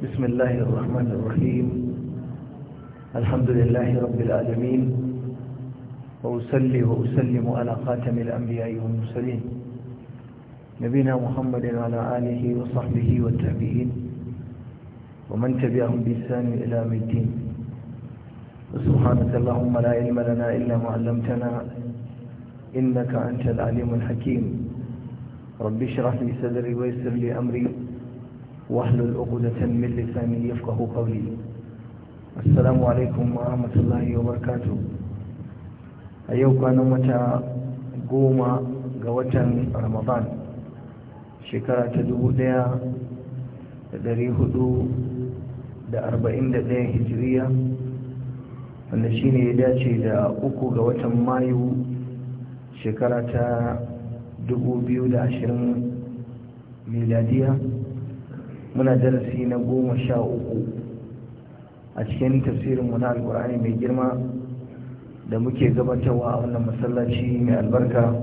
بسم الله الرحمن الرحيم الحمد لله رب العالمين وأسلي وأسلم على خاتم الأنبياء والمرسلين نبينا محمد وعلى آله وصحبه والتابعين ومن تبعهم بإحسان إلى يوم الدين سبحانك اللهم لا علم لنا إلا ما علمتنا إنك أنت العليم الحكيم رب اشرح لي صدري ويسر لي أمري واحلل عقدة من لساني يفقه قولي السلام عليكم ورحمة الله وبركاته أيوك أنا متى قوم قوة رمضان شكرا تدوب ديا دريه هدو دا أربعين دا ɗaya هجرية wanda shi دا أكو dace مايو شكرا ga watan mayu shekara ta muna darasi na goma sha uku a cikin tafsirin na alkur'ani mai girma da muke gabatarwa a wannan masallaci mai albarka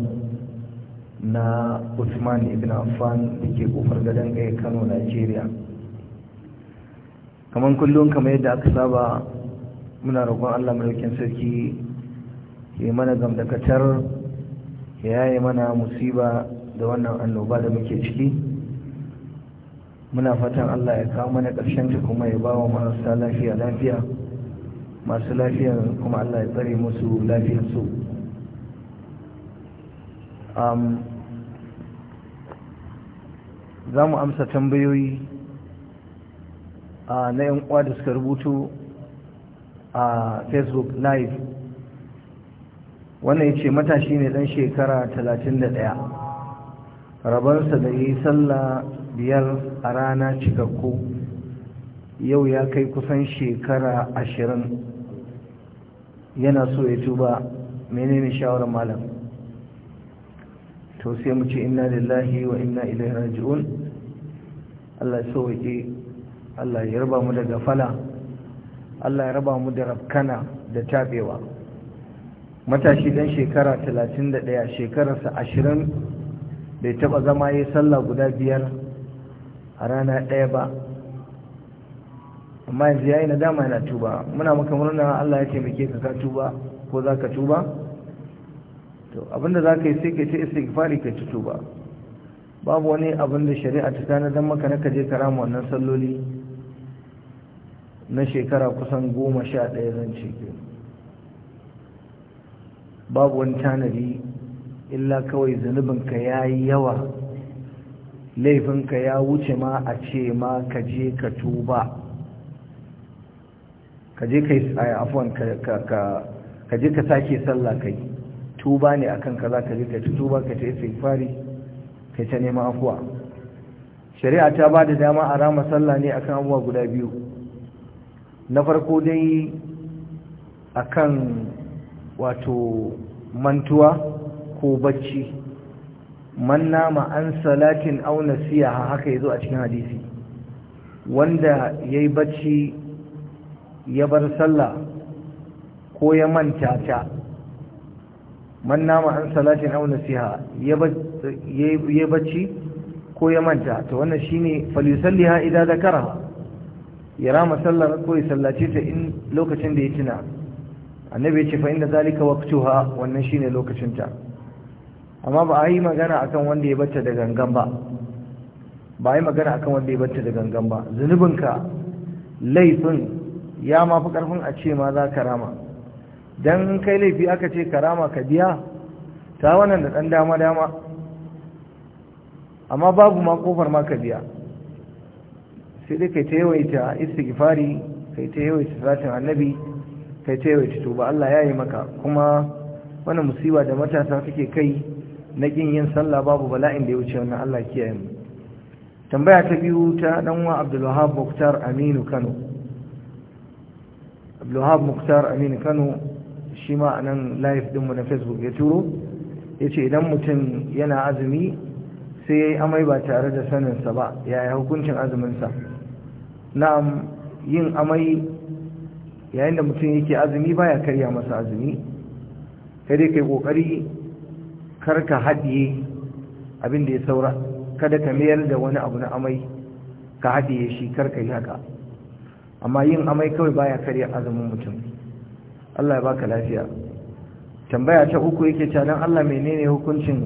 na usman ibn affan da ke kofar gadon gaya kano nigeria kamar kullum kamar yadda aka saba muna roƙon allah madaukin sarki ya mana gamdakatar ya yi mana musiba da wannan annoba da muke ciki muna fatan Allah ya kawo mana ƙarshen ta kuma ya bawa marasa lafiya lafiya masu lafiya kuma Allah ya tsare musu lafiyar su za mu amsa tambayoyi ah, na 'yan uwa da suka rubutu a facebook live wannan ya ce matashi ne dan shekara 31 rabarsa da yi sallah biyar a rana cikakku yau ya kai kusan shekara ashirin yana so ya tuba menene shawarar malam to sai mu ce inna lillahi wa inna ilaihi raji'un Allah ya sauke Allah ya raba mu da gafala Allah ya raba mu da rabkana da tabewa matashi dan shekara 31 shekararsa 20 bai taba zama yi sallah guda biyar a rana ɗaya ba amma yanzu ya yi na dama yana tuba muna maka murna Allah ya taimake ka ka tuba ko za ka tuba to abinda za ka yi sai ka ce istighfari ka ci tuba babu wani abin da shari'a ta tana don maka na kaje karama wannan salloli na shekara kusan goma sha ɗaya zan ce babu wani tanadi illa kawai zunubinka ya yi yawa laifinka ya wuce ma a ce ma ka je ka tuba ka je ka yi afuwan ka je ka sake sallah kai tuba ne akan ka za ka je ka tuba ka ce sai fari ka ta neman afuwa shari'a ta ba da dama a rama sallah ne akan abubuwa guda biyu na farko dai akan wato mantuwa ko bacci man nama an salatin aw nasiya haka yazo a cikin hadisi wanda yayi bacci ya bar sallah ko ya manta ta man nama an salatin aw nasiya ya bacci ko ya manta to wannan shine falyusalliha idza zakaraha ya rama sallar ko ya sallace ta in lokacin da ya tuna annabi ya ce fa inda zalika waqtuha wannan shine lokacin ta amma ba a yi magana akan wanda ya bata da gangan ba ba a yi magana kan wanda ya bata da gangan ba zunubinka laifin ya ma fi karfin a ce ma za ka rama don kai laifi aka ce ka rama ka biya ta wannan da ɗan dama dama amma babu ma kofar ma ka biya sai dai kai ta yawaita istighfari kai ta yawaita satin annabi kai ta yawaita tuba Allah ya yi maka kuma wani musiba da matasa suke kai na ƙin yin sallah babu bala'in da ya wuce wannan Allah kiyaye mu tambaya ta biyu ta ɗan wa Abdul Wahab Muktar Aminu Kano Abdul Muktar Aminu Kano shi ma a nan live din mu na Facebook ya turo yace idan mutum yana azumi sai yayi amai ba tare da sanin sa ba yi hukuncin azuminsa sa na'am yin amai yayin da mutum yake azumi baya karya masa azumi kai dai kai kokari kar ka haɗiye abin da ya saura kada ka mayar da wani abu na amai ka haɗiye shi karka yi haka amma yin amai kawai baya karya azumin mutum Allah ya baka lafiya tambaya ta uku yake ca dan Allah menene hukuncin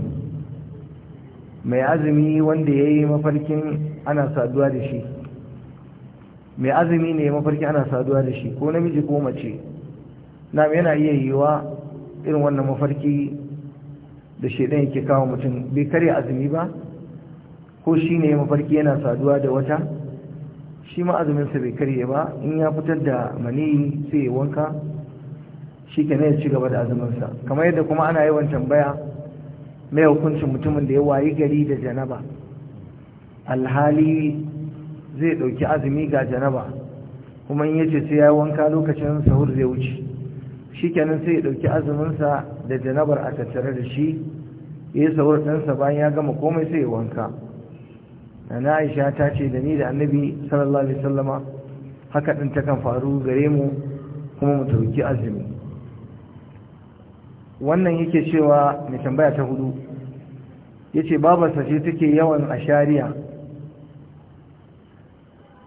mai azumi wanda yayi mafarkin ana saduwa da shi mai azumi ne mafarkin ana saduwa da shi ko namiji ko mace na yana iya yiwa irin wannan mafarki da shaidan yake kawo mutum bai karya azumi ba ko shi ne mafarki yana saduwa da wata shi ma azuminsa bai karya ba in ya fitar da maniyi sai ya wanka shi ke ci gaba da azuminsa kamar yadda kuma ana yawan tambaya mai hukuncin mutumin da ya wayi gari da janaba alhali zai ɗauki azumi ga janaba kuma in yace sai ya wanka lokacin sahur zai wuce shi kenan sai ya ɗauki azuminsa da janabar a tattare da shi ya yi saurin ɗansa bayan ya gama komai sai ya wanka na aisha ta ce da ni da annabi sallallahu alaihi sallama haka ɗin takan faru gare mu kuma mu tauki azumi wannan yake cewa mai tambaya ta hudu ya ce babarsa ce take yawan ashariya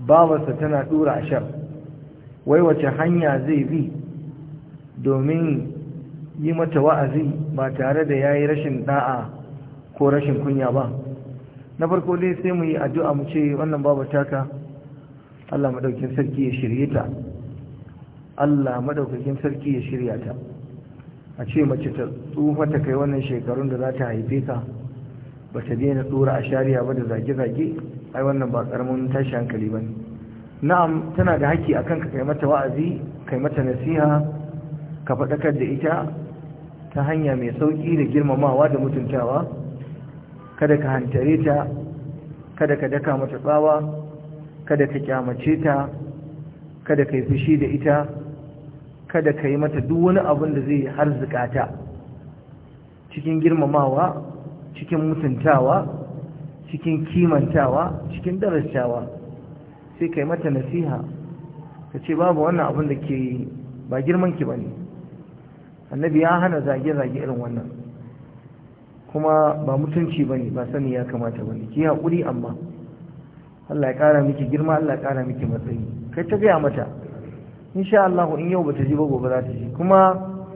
babarsa tana ɗura ashar wai wace hanya zai bi domin yi mata wa'azi ba tare da ya yi rashin da'a ko rashin kunya ba na farko dai sai mu yi addu'a mu ce wannan babu taka Allah maɗaukin sarki ya shirye ta Allah maɗaukin sarki ya shirya ta a ce mace ta tsufa ta kai wannan shekarun da za ta haife ka ba ta daina tsura a shari'a ba da zage-zage ai wannan ba karamin tashi hankali ba ne na'am tana da haƙƙi akan ka kai mata wa'azi kai mata nasiha ka faɗakar da ita ta hanya mai sauƙi da girmamawa da mutuntawa kada ka hantare ta kada ka daka mata tsawa kada ka kyamace ta kada ka yi fushi da ita kada ka yi mata duk wani abin da zai har ta cikin girmamawa cikin mutuntawa cikin kimantawa cikin darasawa sai ka yi mata nasiha ka ce babu wannan abin da ke ba girmanki ba ne annabi ya hana zage-zage irin wannan kuma ba mutunci ba ne ba sani ya kamata ba ne ki haƙuri amma Allah ya ƙara miki girma Allah ya ƙara miki matsayi kai ta gaya mata insha Allah in yau bata ji ba gobe za ta ji kuma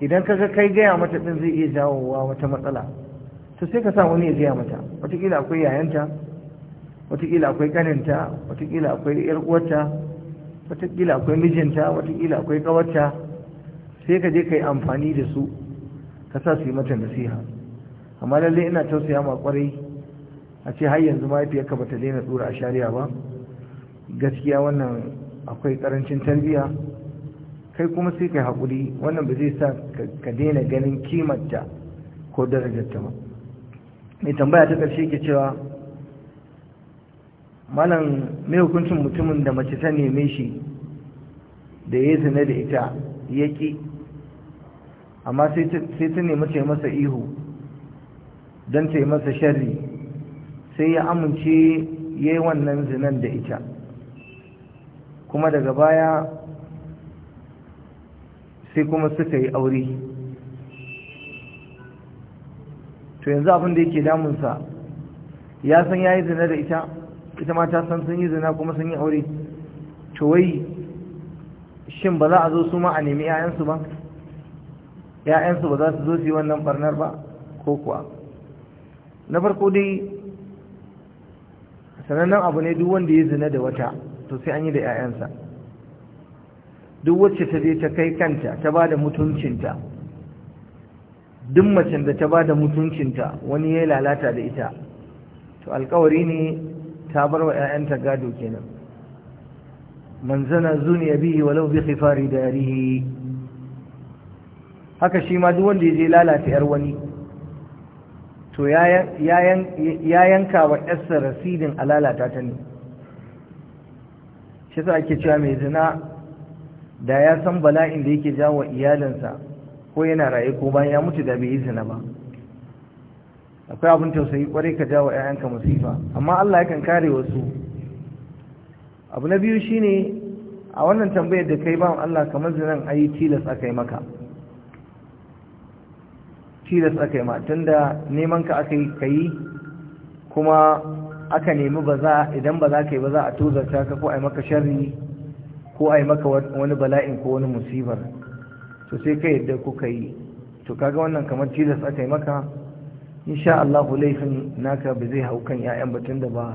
idan kaga kai gaya mata din zai iya jawowa wata matsala to sai ka sa wani ya gaya mata wataƙila akwai yayanta wataƙila akwai ƙaninta wataƙila akwai 'yar uwarta wataƙila akwai mijinta wataƙila akwai ƙawarta sai ka je ka yi amfani da su ka sa su yi mata nasiha amma lallai ina tausaya ma kwarai a ce har yanzu mahaifiyarka ba ta daina tsura a shari'a ba gaskiya wannan akwai karancin tarbiyya kai kuma sai ka yi haƙuri wannan ba zai sa ka daina ganin kimanta ko darajarta ba mai tambaya ta ƙarshe ke cewa malam mai hukuncin mutumin da mace ta neme shi da ya zina da ita ya ƙi amma sai ta nemi ce masa ihu don ta masa shari sai ya amince ya yi wannan zinan da ita kuma daga baya sai kuma suka yi aure to yanzu abin da yake damunsa ya san ya yi zina da ita ita ma ta san sun yi zina kuma sun yi aure to wai shin ba za a zo su ma a nemi 'ya'yansu ba ‘ya'yansu ba za su zo su yi wannan barnar ba ko kuwa na farko dai sanannen abu ne duk wanda ya zina da wata to sai an yi da ‘ya'yansa duk wacce ta je ta kai kanta ta ba da mutuncinta duk macen da ta ba da mutuncinta wani ya lalata da ita to alkawari ne ta bar wa ‘ya'yanta gado kenan manzana ya zuniya bihi walau bi khifari darihi haka shi ma duk wanda ya je lalata yar wani to ya yanka wa yarsa rasidin a lalata ta ne shi sa ake cewa mai zina da ya san bala'in da yake jawo iyalinsa ko yana raye ko bayan ya mutu da bai yi zina ba akwai abin tausayi kwarai ka jawo 'ya'yanka masifa. amma Allah yakan kare wasu abu na biyu shine a wannan tambayar da kai ba Allah kamar zinan ayi tilas aka yi maka tilas aka yi ma tunda neman ka aka yi yi kuma aka nemi ba za idan ba za ka yi ba za a tozarta ka ko a yi maka shari ko a yi maka wani bala'in ko wani musibar to sai ka yadda kuka yi to kaga wannan kamar tilas aka yi maka insha Allah laifin naka ba zai hau kan 'ya'yan ba da ba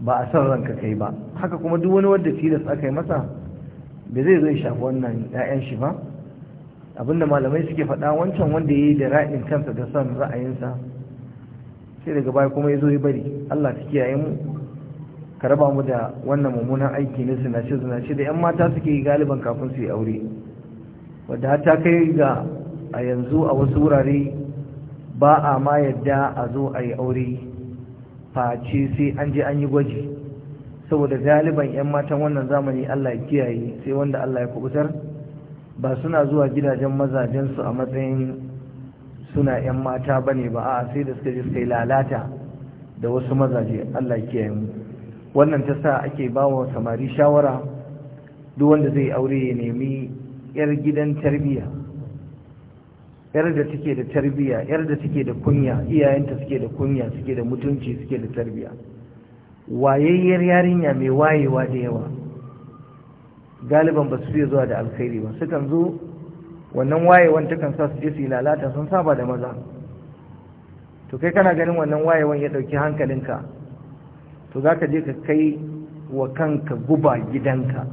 ba a san ranka kai ba haka kuma duk wani wanda tilas aka yi masa ba zai zo ya shafi wannan 'ya'yan shi ba abinda malamai suke faɗa wancan wanda ya yi da ra'in kansa da son ra'ayinsa sai daga baya kuma ya zo ya bari Allah ta kiyaye mu ka raba mu da wannan mummunan aiki na zinace zinace da 'yan mata suke yi galiban kafin su yi aure wadda ta kai ga a yanzu a wasu wurare ba a ma yadda a zo a yi aure face sai an je an yi gwaji saboda galiban 'yan matan wannan zamani Allah ya kiyaye sai wanda Allah ya kubutar ba suna zuwa gidajen mazajensu a matsayin suna 'yan mata ba ne ba a sai da suka je suka yi lalata da wasu mazaje Allah kiyaye mu wannan ta sa ake ba wa samari shawara duk wanda zai aure ya nemi 'yar gidan tarbiyya yar da take da tarbiya yar da take da kunya iyayenta suke da kunya suke da mutunci suke da tarbiya wayayyar yarinya mai wayewa da yawa galiban ba su fiye zuwa da alkhairi ba sukan zo wannan wayewan takan sa su je su lalata sun saba da maza to kai kana ganin wannan wayewan ya ɗauki hankalinka to za ka je ka kai wa kanka guba gidanka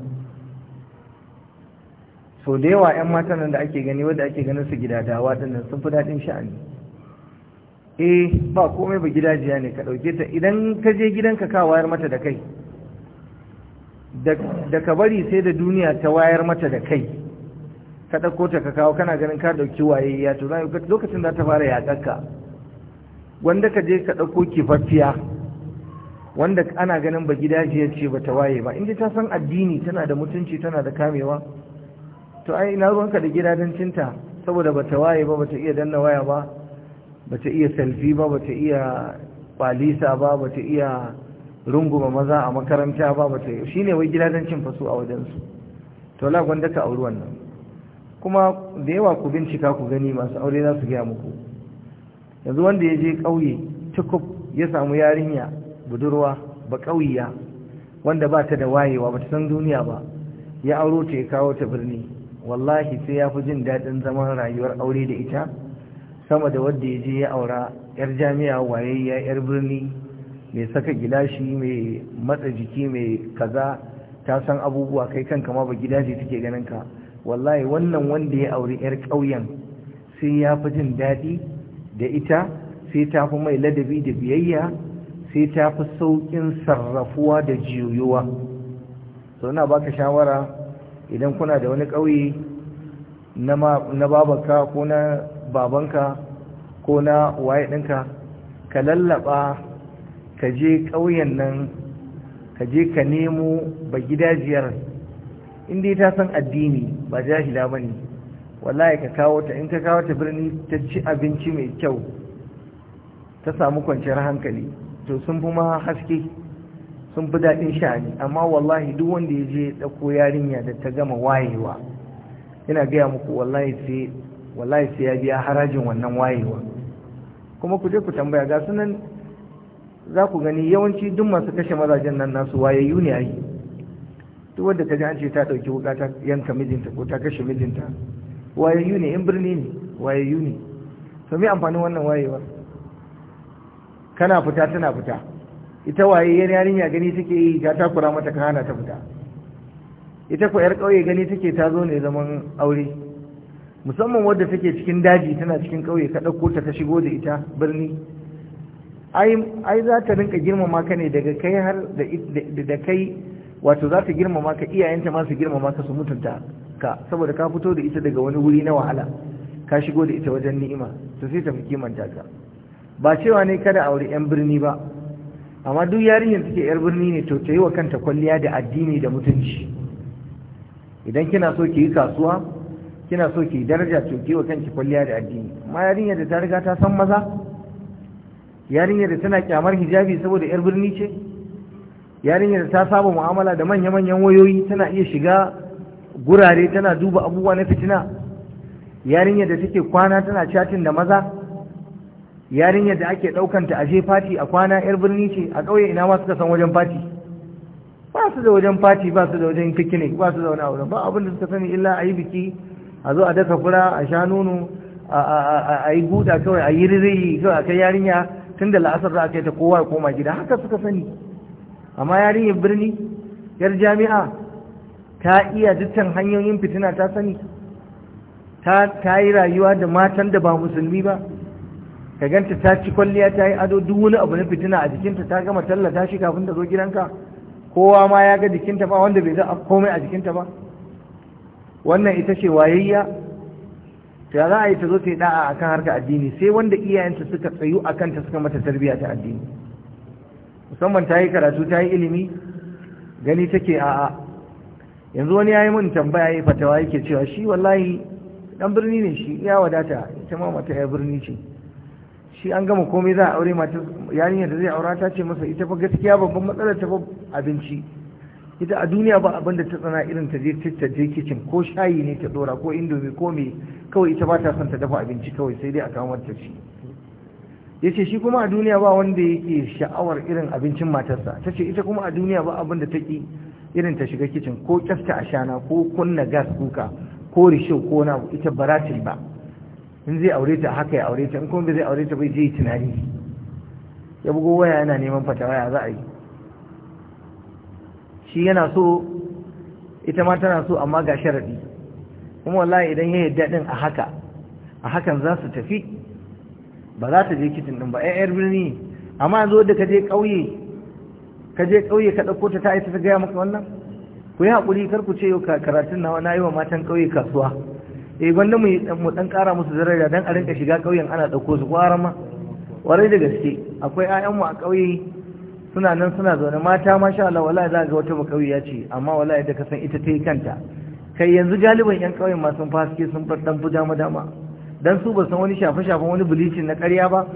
so da yawa 'yan matan nan da ake gani wadda ake ganin su gidadawa dinnan sun fi daɗin sha'ani eh ba komai ba gidajiya ne ka ɗauke ta idan ka je gidanka ka wayar mata da kai da ka bari sai da duniya ta wayar mata da kai ka ɗauko ta ka kawo kana ganin ka ɗauki waye ya to lokacin za ta fara ɗaka wanda ka je ka ɗauko kifaffiya wanda ana ganin ba gida ya ce ba ta waye ba inda ta san addini tana da mutunci tana da kamewa to ai ina ka da cinta saboda ba ta waye ba ba ta iya danna waya ba ba ta iya salfi ba ba ta iya kwalisa ba ba ta iya runguma maza a makaranta ba ba ta yi shi ne wai cin faso a wajensu to la gwanda ka auri wannan kuma da yawa ku bincika ku gani masu aure za su gaya muku yanzu wanda ya je ƙauye tukub ya samu yarinya budurwa ba ƙauyiya wanda ba ta da wayewa ba ta san duniya ba ya auro ta ya kawo ta birni wallahi sai ya fi jin daɗin zaman rayuwar aure da ita sama da wadda ya je ya aura 'yar jami'a wayayya 'yar birni mai saka gilashi mai matsa jiki mai kaza ta san abubuwa kai kan kama ba gidaje take ganin ka wallahi wannan wanda ya auri yar ƙauyen sai ya fi jin daɗi da ita sai ta fi mai ladabi da biyayya sai ta fi sauƙin sarrafuwa da jiyuwa sau na baka shawara idan kuna da wani ƙauye na babanka ko na babanka ko na waye ɗinka ka lallaba ka je ƙauyen nan ka je ka nemo ba ziyar inda ta san addini ba jahila ba ne wallahi ka kawo ta in ka kawo ta birni ta ci abinci mai kyau ta samu kwanciyar hankali to sun fi ma haske sun fi daɗin sha'ani amma wallahi duk wanda ya je ɗauko yarinya da ta gama wayewa yana gaya muku wallahi sai wallahi sai ya biya harajin wannan wayewa kuma ku je ku tambaya ga sunan za ku gani yawanci duk masu kashe mazajen nan nasu wayayyu ne ai duk wanda ta ji an ce ta ɗauki wuka ta yanka mijinta ko ta kashe mijinta wayayyu ne in birni ne wayayyu ne to me amfanin wannan wayewar kana fita tana fita ita waye yan yarinya gani take yi ta takura mata kana ta fita ita ko yar ƙauye gani take ta zo ne zaman aure musamman wadda take cikin daji tana cikin ƙauye ka ɗauko ta ka shigo da ita birni ai za ta rinka girmama ka ne daga kai har da kai wato za ta girmama ka iyayenta ma su girmama ka su mutunta ka saboda ka fito da ita daga wani wuri na wahala ka shigo da ita wajen ni'ima to sai ta fi kimanta ka ba cewa ne kada aure yan birni ba amma duk yarinyar take yar birni ne to ta yi wa kanta kwalliya da addini da mutunci idan kina so ki yi kasuwa kina so ki daraja to ki yi wa kanki kwalliya da addini amma yarinyar da ta riga ta san maza yarinyar da tana kyamar hijabi saboda yar birni ce yarinyar da ta saba mu'amala da manya-manyan wayoyi tana iya shiga gurare tana duba abubuwa na fitina yarinyar da take kwana tana chatin da maza yarinyar da ake ɗaukanta aje fati a kwana yar birni ce a ƙauye ina ma suka san wajen fati ba su da wajen fati ba su da wajen fikini ba su da wani abu ba abin da suka sani illa ayi biki a zo a daka fura a sha nono a yi guda kawai a yi riri kawai a kai yarinya tun da la'asar za a kai ta kowa ya koma gida haka suka sani amma yarinyar birni yar jami'a ta iya dukkan hanyoyin fitina ta sani ta yi rayuwa da matan da ba musulmi ba ka ganta ta ci kwalliya ta yi ado duk wani abu na fitina a jikinta ta gama tallata shi kafin ta zo gidanka kowa ma ya ga jikinta ba wanda bai za komai a jikinta ba wannan ita ce wayayya ya za a yi ta zo ta yi da'a akan harka addini sai wanda iyayenta suka tsayu akan ta suka mata tarbiyya ta addini musamman ta yi karatu ta yi ilimi gani take a'a yanzu wani ya yi mun tambaya ya fatawa yake cewa shi wallahi dan birni ne shi ya wadata ita ma mata ya birni ce shi an gama komai za a aure mata yarinyar da zai aura ta ce masa ita fa gaskiya babban matsalar ta abinci ita a duniya ba abinda ta tsana irin ta je ta kicin ko shayi ne ta dora ko indomi ko me kawai ita ba ta son ta dafa abinci kawai sai dai a kawo mata shi ce shi kuma a duniya ba wanda yake sha'awar irin abincin matarsa ta ce ita kuma a duniya ba abinda ta ki irin ta shiga kicin ko kyafta shana ko kunna gas kuka ko risho ko na ita baratil ba in zai aure ta haka ya aure ta in kuma zai aure ta bai je tunani ya bugo waya yana neman fatawaya waya za a yi shi yana so ita ma tana so amma ga sharadi kuma wallahi idan ya yadda din a haka a hakan za su tafi ba za ta je kitin din ba ƴan birni amma yanzu da ka je ƙauye ka je ƙauye ka ɗauko ta ta aita ta gaya maka wannan ku yi haƙuri kar ku ce yau karatun nawa na yi wa matan ƙauye kasuwa eh gwanda mu dan ƙara musu zarara dan a rinka shiga ƙauyen ana ɗauko su gwara ma warai da gaske akwai 'ya'yanmu a ƙauye suna nan suna zaune mata masha Allah wallahi za ga wata bakawiya ce amma wallahi da ka san ita ta yi kanta kai yanzu galiban yan ƙauyen ma sun faske sun dan fi dama dama dan su ba san wani shafe shafen wani bilicin na ƙarya ba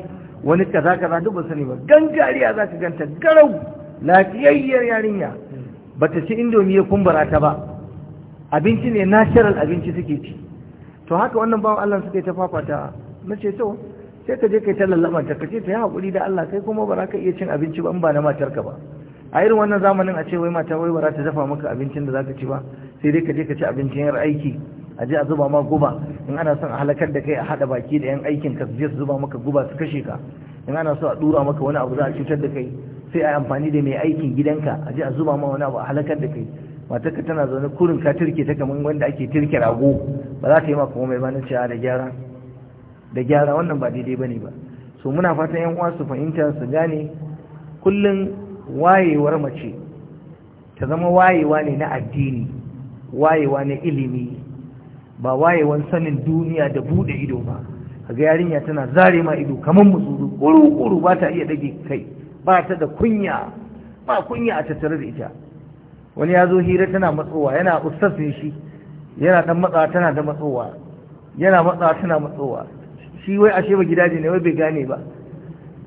wani kaza kaza duk ba sani ba gangariya za ka ganta garau lafiyayyar yarinya bata ci indomi ya kumbura ta ba abinci ne natural abinci suke ci to haka wannan bawan Allah suka yi ta fafata mace to sai ka je kai ta lallaba ta kace ta yi hakuri da Allah kai kuma ba ka iya cin abinci ba in ba na matarka ba a irin wannan zamanin a ce wai mata wai ba ta dafa maka abincin da za ka ci ba sai dai ka je ka ci abincin yar aiki a je a zuba ma guba in ana son a halakar da kai a haɗa baki da yan aikin ka su je su zuba maka guba su kashe ka in ana so a dura maka wani abu za a cutar da kai sai a amfani da mai aikin gidanka a je a zuba ma wani abu a halakar da kai matarka tana zaune kurin ka turke ta kamar wanda ake turke rago ba za ta yi maka komai ba na cewa da gyara da gyara wannan ba daidai bane ba so muna fatan yan uwa su fahimta su gane kullun wayewar mace ta zama wayewa ne na addini wayewa na ilimi ba wayewan sanin duniya da bude ido ba kaga yarinya tana zare ma ido kamar musuru kuru kuru ba ta iya dage kai ba ta da kunya ba kunya a tattare da ita wani ya zo hira tana matsowa yana ustaz ne shi yana dan matsawa tana da matsowa yana matsawa tana matsowa shi wai ashe ba gidaje ne wai bai gane ba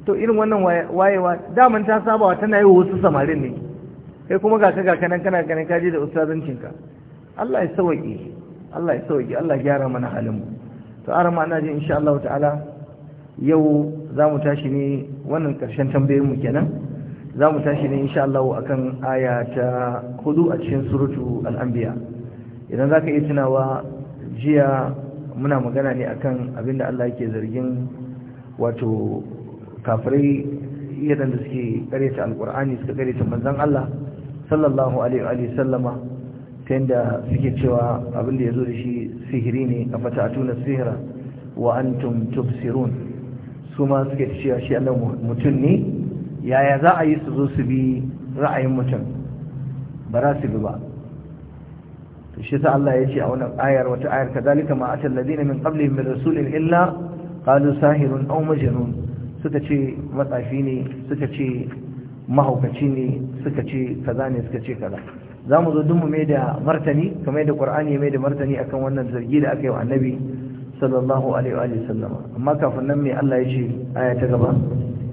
to irin wannan wayewa daman ta sabawa tana yi wa wasu samarin ne kai kuma ga ka kanan kana ganin kaje da ustazancinka Allah ya sauke Allah ya sauke Allah gyara mana halin mu to ma ana ji insha Allah ta'ala yau zamu tashi ne wannan karshen tambayoyin mu kenan zamu tashi ne insha Allah akan aya ta hudu a cikin surutu al'ambiya. anbiya idan zaka iya tunawa jiya muna magana ne akan abinda Allah yake zargin wato kafirai da suke kareta alkur'ani suka kareta manzon Allah sallallahu alaihi wa sallama ta suke cewa abinda yazo da shi sihiri ne a fatatuna sihira wa antum tubsirun su ma suke cewa shi Allah mutum ne yaya za a yi su zo su bi ra'ayin mutum ba za su bi ba to shi sa Allah ya ce a wannan ayar wata ayar kadalika ma atal ladina min qablihim min rasulin illa qalu sahirun aw majnun suka ce matsafi ne suka ce mahaukaci ne suka ce kaza ne suka ce kaza zamu mu zo dumu mai da martani kamar da qur'ani mai da martani akan wannan zargi da aka yi wa annabi sallallahu alaihi wa sallama amma kafin nan mai Allah ya ce aya ta gaba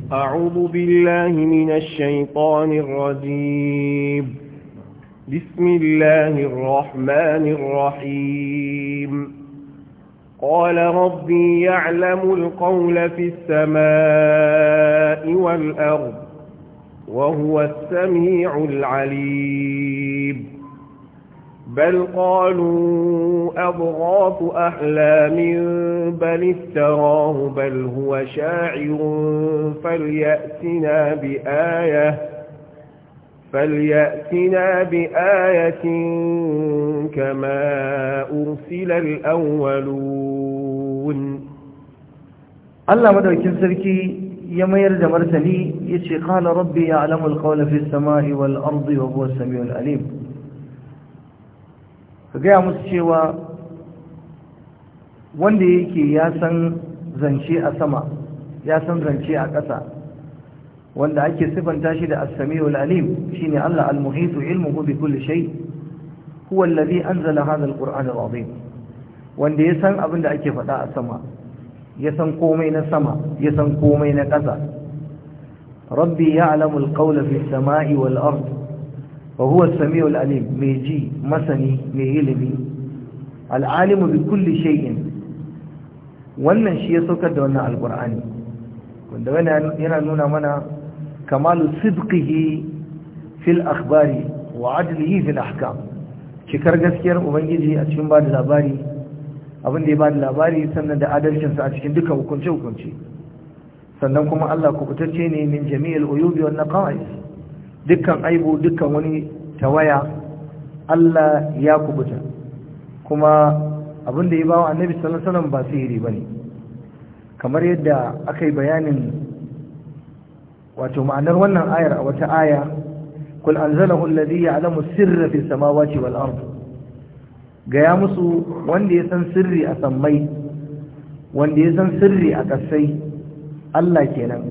أعوذ بالله من الشيطان الرجيم بسم الله الرحمن الرحيم قال ربي يعلم القول في السماء والأرض وهو السميع العليم بل قالوا أضغاث أحلام بل افتراه بل هو شاعر فليأتنا بآيه فليأتنا بآية كما أرسل الأولون الله مدعوكي يما يمير جمرتني يتشي قال ربي يعلم القول في السماء والأرض وهو السميع العليم فقيا مستشيوى wanda yake ya san zance a sama ya wanda ake sifanta shi da as al alim shine Allah al-muhitu ilmuhu bi kulli shay huwa alladhi anzala hadha al-qur'an al-azim wanda ya san abin da ake faɗa a sama ya san komai na sama ya san komai na ƙasa rabbi ya'lamu al-qawla fi as-sama'i wal-ard wa huwa as-sami'ul alim mai ji masani mai ilimi al-alimu bi kulli shay'in wannan shi ya saukar da wannan al-qur'ani wanda yana nuna mana kamalu sidqihi fil akhbari wa adlihi fil ahkam cikar gaskiyar ubangiji a cikin bada labari abin da ya bada labari sannan da adalcinsa a cikin duka hukunce hukunce sannan kuma Allah ku kubutacce ne min jami'il uyubi wan naqais dukkan aibu dukkan wani tawaya Allah ya kubuta kuma abin da ya bawa annabi sallallahu alaihi wasallam ba sihiri bane kamar yadda aka yi bayanin wato ma'anar wannan ayar a wata aya kul anzalahu alladhi ya'lamu sirra fi samawati wal ard gaya musu wanda ya san sirri a sammai wanda ya san sirri a kasai Allah kenan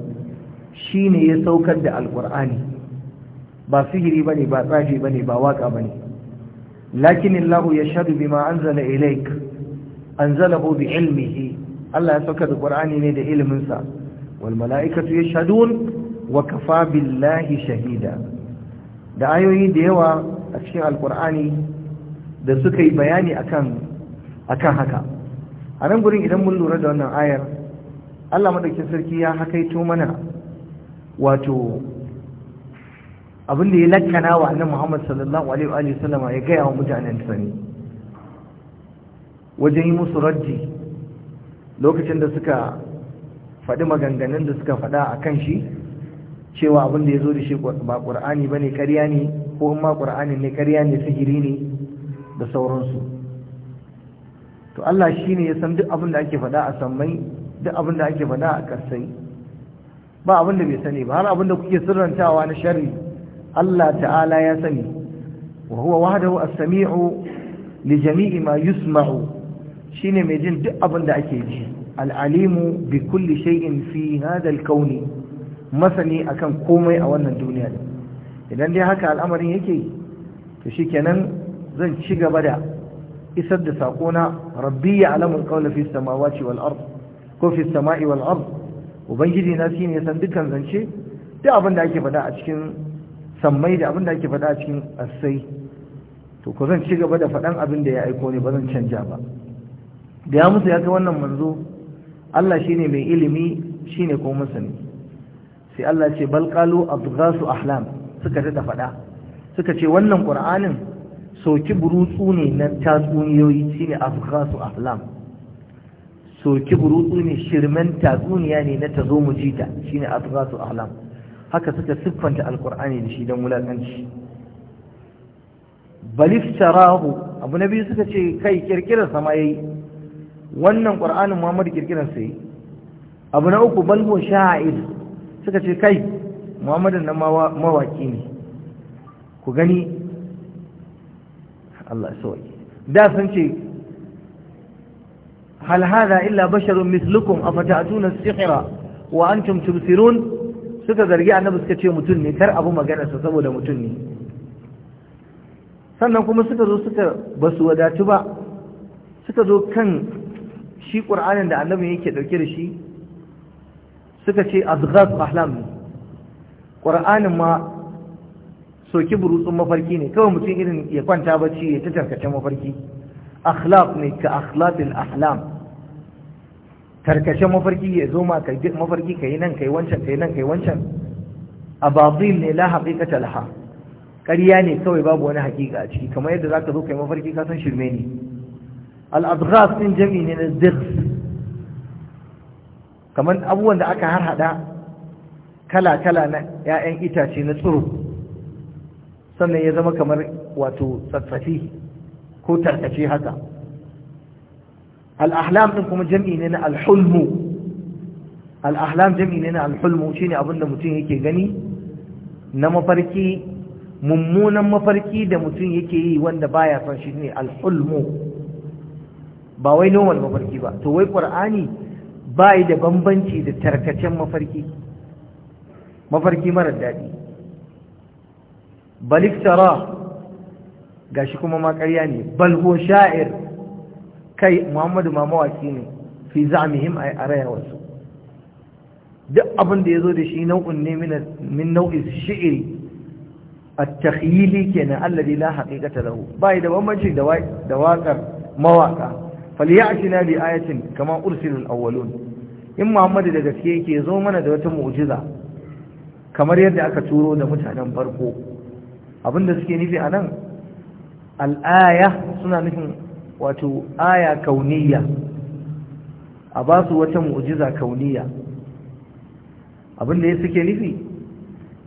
shine ya saukar da alqur'ani ba sihiri bane ba tsafi bane ba waka bane lakin Allahu yashhadu bima anzala ilayk anzalahu bi ilmihi Allah ya saukar da Ƙur'ani ne da iliminsa wal mala'ikatu yashhadun wa kafa billahi shahida da ayoyi da yawa a cikin alkur'ani da suka yi bayani akan akan haka a nan gurin idan mun lura da wannan ayar Allah madaukakin sarki ya hakaito mana wato abin da ya lakkana wa annabi Muhammad sallallahu alaihi wa sallam ya gaya wa mutanen sani wajen yi musu raddi lokacin da suka faɗi maganganun da suka faɗa a kan shi cewa abin da ya zo da shi ba ƙur'ani ba ne ƙarya ne ko in ma ƙur'ani ne ƙarya ne sihiri ne da sauransu to Allah shi ne ya san duk abin da ake faɗa a sammai duk abin da ake faɗa a ƙarsai ba abin da bai sani ba har abin da kuke sirrantawa na shari Allah ta'ala ya sani wa huwa wahdahu as-sami'u li jami'i ma yusma'u shine mai jin duk abin da ake ji al-alimu bi kulli shay'in fi hadha al-kawni masani akan komai a wannan duniya ne idan dai haka al'amarin yake to shikenan zan ci gaba da isar da sakona rabbi ya alamun qawla fi samawati wal ard ko fi samai wal ard ubangiji na shine ya san dukkan zance duk abin da ake fada a cikin sammai da abin da ake fada a cikin asai to ko zan ci gaba da faɗan abin da ya aiko ne ba zan canja ba da ya musu ya ga wannan manzo Allah shine mai ilimi shine ko masani sai Allah ce bal qalu adghasu ahlam suka tada faɗa, suka ce wannan qur'anin soki burutsu ne na tatsuniyoyi shine adghasu ahlam soki burutsu ne shirmen tatsuniya ne na tazo mu jita shine adghasu ahlam haka suka siffanta alqur'ani da shi don wulaƙanci. Balif baliftarahu abu na biyu suka ce kai kirkirar sama yayi wannan qur'anin Muhammadu kirkirar sai abu na uku balbo sha'ir suka ce kai muhammadin na mawaki ne ku gani Allah sauki da sun ce hal hada illa basharun mislukum afata'tuna as-sihra wa antum tubsirun suka zargi annabi suka ce mutum ne kar abu magana sa saboda mutum ne sannan kuma suka zo suka basu wadatu ba suka zo kan shi ƙur'anin da annabi yake ɗauke da shi suka ce adghas ahlam ne qur'anin ma soki burutsun mafarki ne kawai mutum irin ya kwanta bacci ya ta tarkace mafarki akhlaq ne ka akhlaqil ahlam Tarkace mafarki ya zo ma ka mafarki kai nan kai wancan kai nan kai wancan abatil ne la haqiqata laha ƙarya ne kawai babu wani haƙiƙa a ciki kamar yadda zaka zo kai mafarki ka san shirme ne al-adghas din jami'i ne na dhirs kamar abubuwan da aka harhaɗa kala-kala na 'ya'yan itace na tsuru sannan ya zama kamar wato tsatsafi ko tarkace haka al'ahlam ɗin kuma jam'i ne na al'ulmu al'ahlam jam'i ne na alhulmu shine abinda mutum yake gani na mafarki mummunan mafarki da mutum yake yi wanda baya son shi ne al'ulmu. ba wai normal mafarki ba to wai ƙwar'ani bai da bambanci da tarkacen mafarki mafarki marar daɗi baliftara gashi kuma ma ƙarya ne balho sha'ir kai muhammadu ma mawaki ne fi za'amihim a raya wasu duk abin da ya zo da shi nau'in ne min nau'in shi'iri التخييلي كان الذي لا da له باي دوا مجي shi na da ayatin kama أرسل awwalun in muhammadu da gaske yake zo mana da wata mu'jiza kamar yadda aka turo da mutanen farko abinda suke nufi a nan al'aya suna nufin wato aya kauniya a ba su wata mu'jiza kauniya abinda ya suke nufi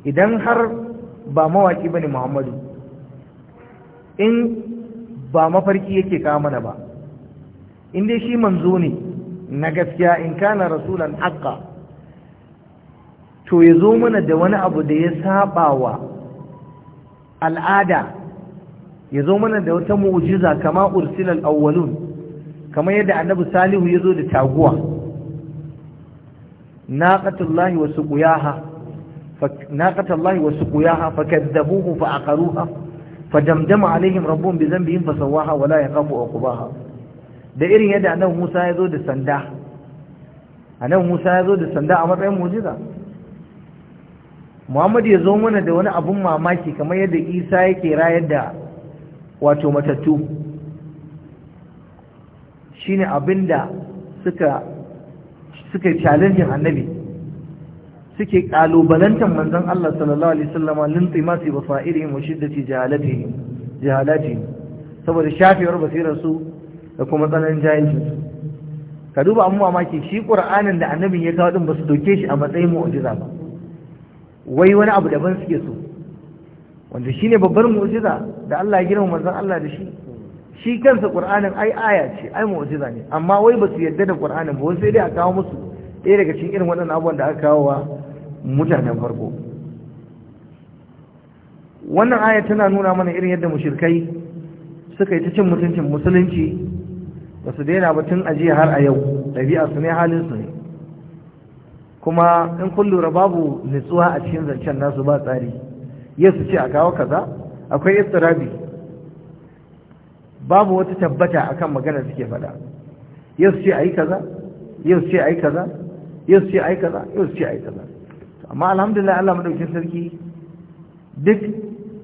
idan har ba mawaki ne muhammadu in ba mafarki yake kama mana ba in dai shi manzo ne na gaskiya in kana rasulan haqqa to yazo mana da wani abu da ya sabawa al'ada yazo mana da wata mu'jiza kama ursilal awwalun kama yadda annabi salihu yazo da taguwa naqatullahi wa suqiyaha naqatullahi wa suqiyaha fakadzabuhu fa aqaruha fadamdama alaihim rabbuhum bi dhanbihim fasawaha wa la yaqafu uqbaha da irin yadda annabi Musa ya zo da sanda annabi Musa ya zo da sanda a matsayin mu'jiza Muhammad ya zo mana da wani abun mamaki kamar yadda Isa yake rayar da wato matattu shine abinda suka suka challenge annabi suke kalubalantar manzon Allah sallallahu alaihi wasallam lintimasi basairihim wa shiddati jahalatihi jahalatihi saboda shafiyar basirar su da kuma tsananin jahilcin ka duba amma mamaki shi ƙura'anin da annabin ya kawo ɗin ba su doke shi a matsayin mu'ujiza ba wai wani abu daban suke so wanda shi ne babbar mu'ujiza? da Allah ya girma manzon Allah da shi shi kansa ƙura'anin ai aya ce ai mu'ujiza ne amma wai ba su yarda da ƙura'anin ba sai dai a kawo musu ɗaya daga cikin irin waɗannan abubuwan da aka kawo wa mutanen farko wannan aya tana nuna mana irin yadda mushrikai suka yi ta cin mutuncin musulunci ba su daina ba tun ajiya har a yau ɗabi'a su ne halin su ne kuma in kun lura babu nutsuwa a cikin zancen nasu ba tsari yau su ce a kawo kaza akwai istirabi babu wata tabbata akan magana suke faɗa yau su ce a yi kaza yau su ce a yi kaza yau su ce a yi kaza yau su ce a yi kaza amma alhamdulillah Allah maɗaukin sarki duk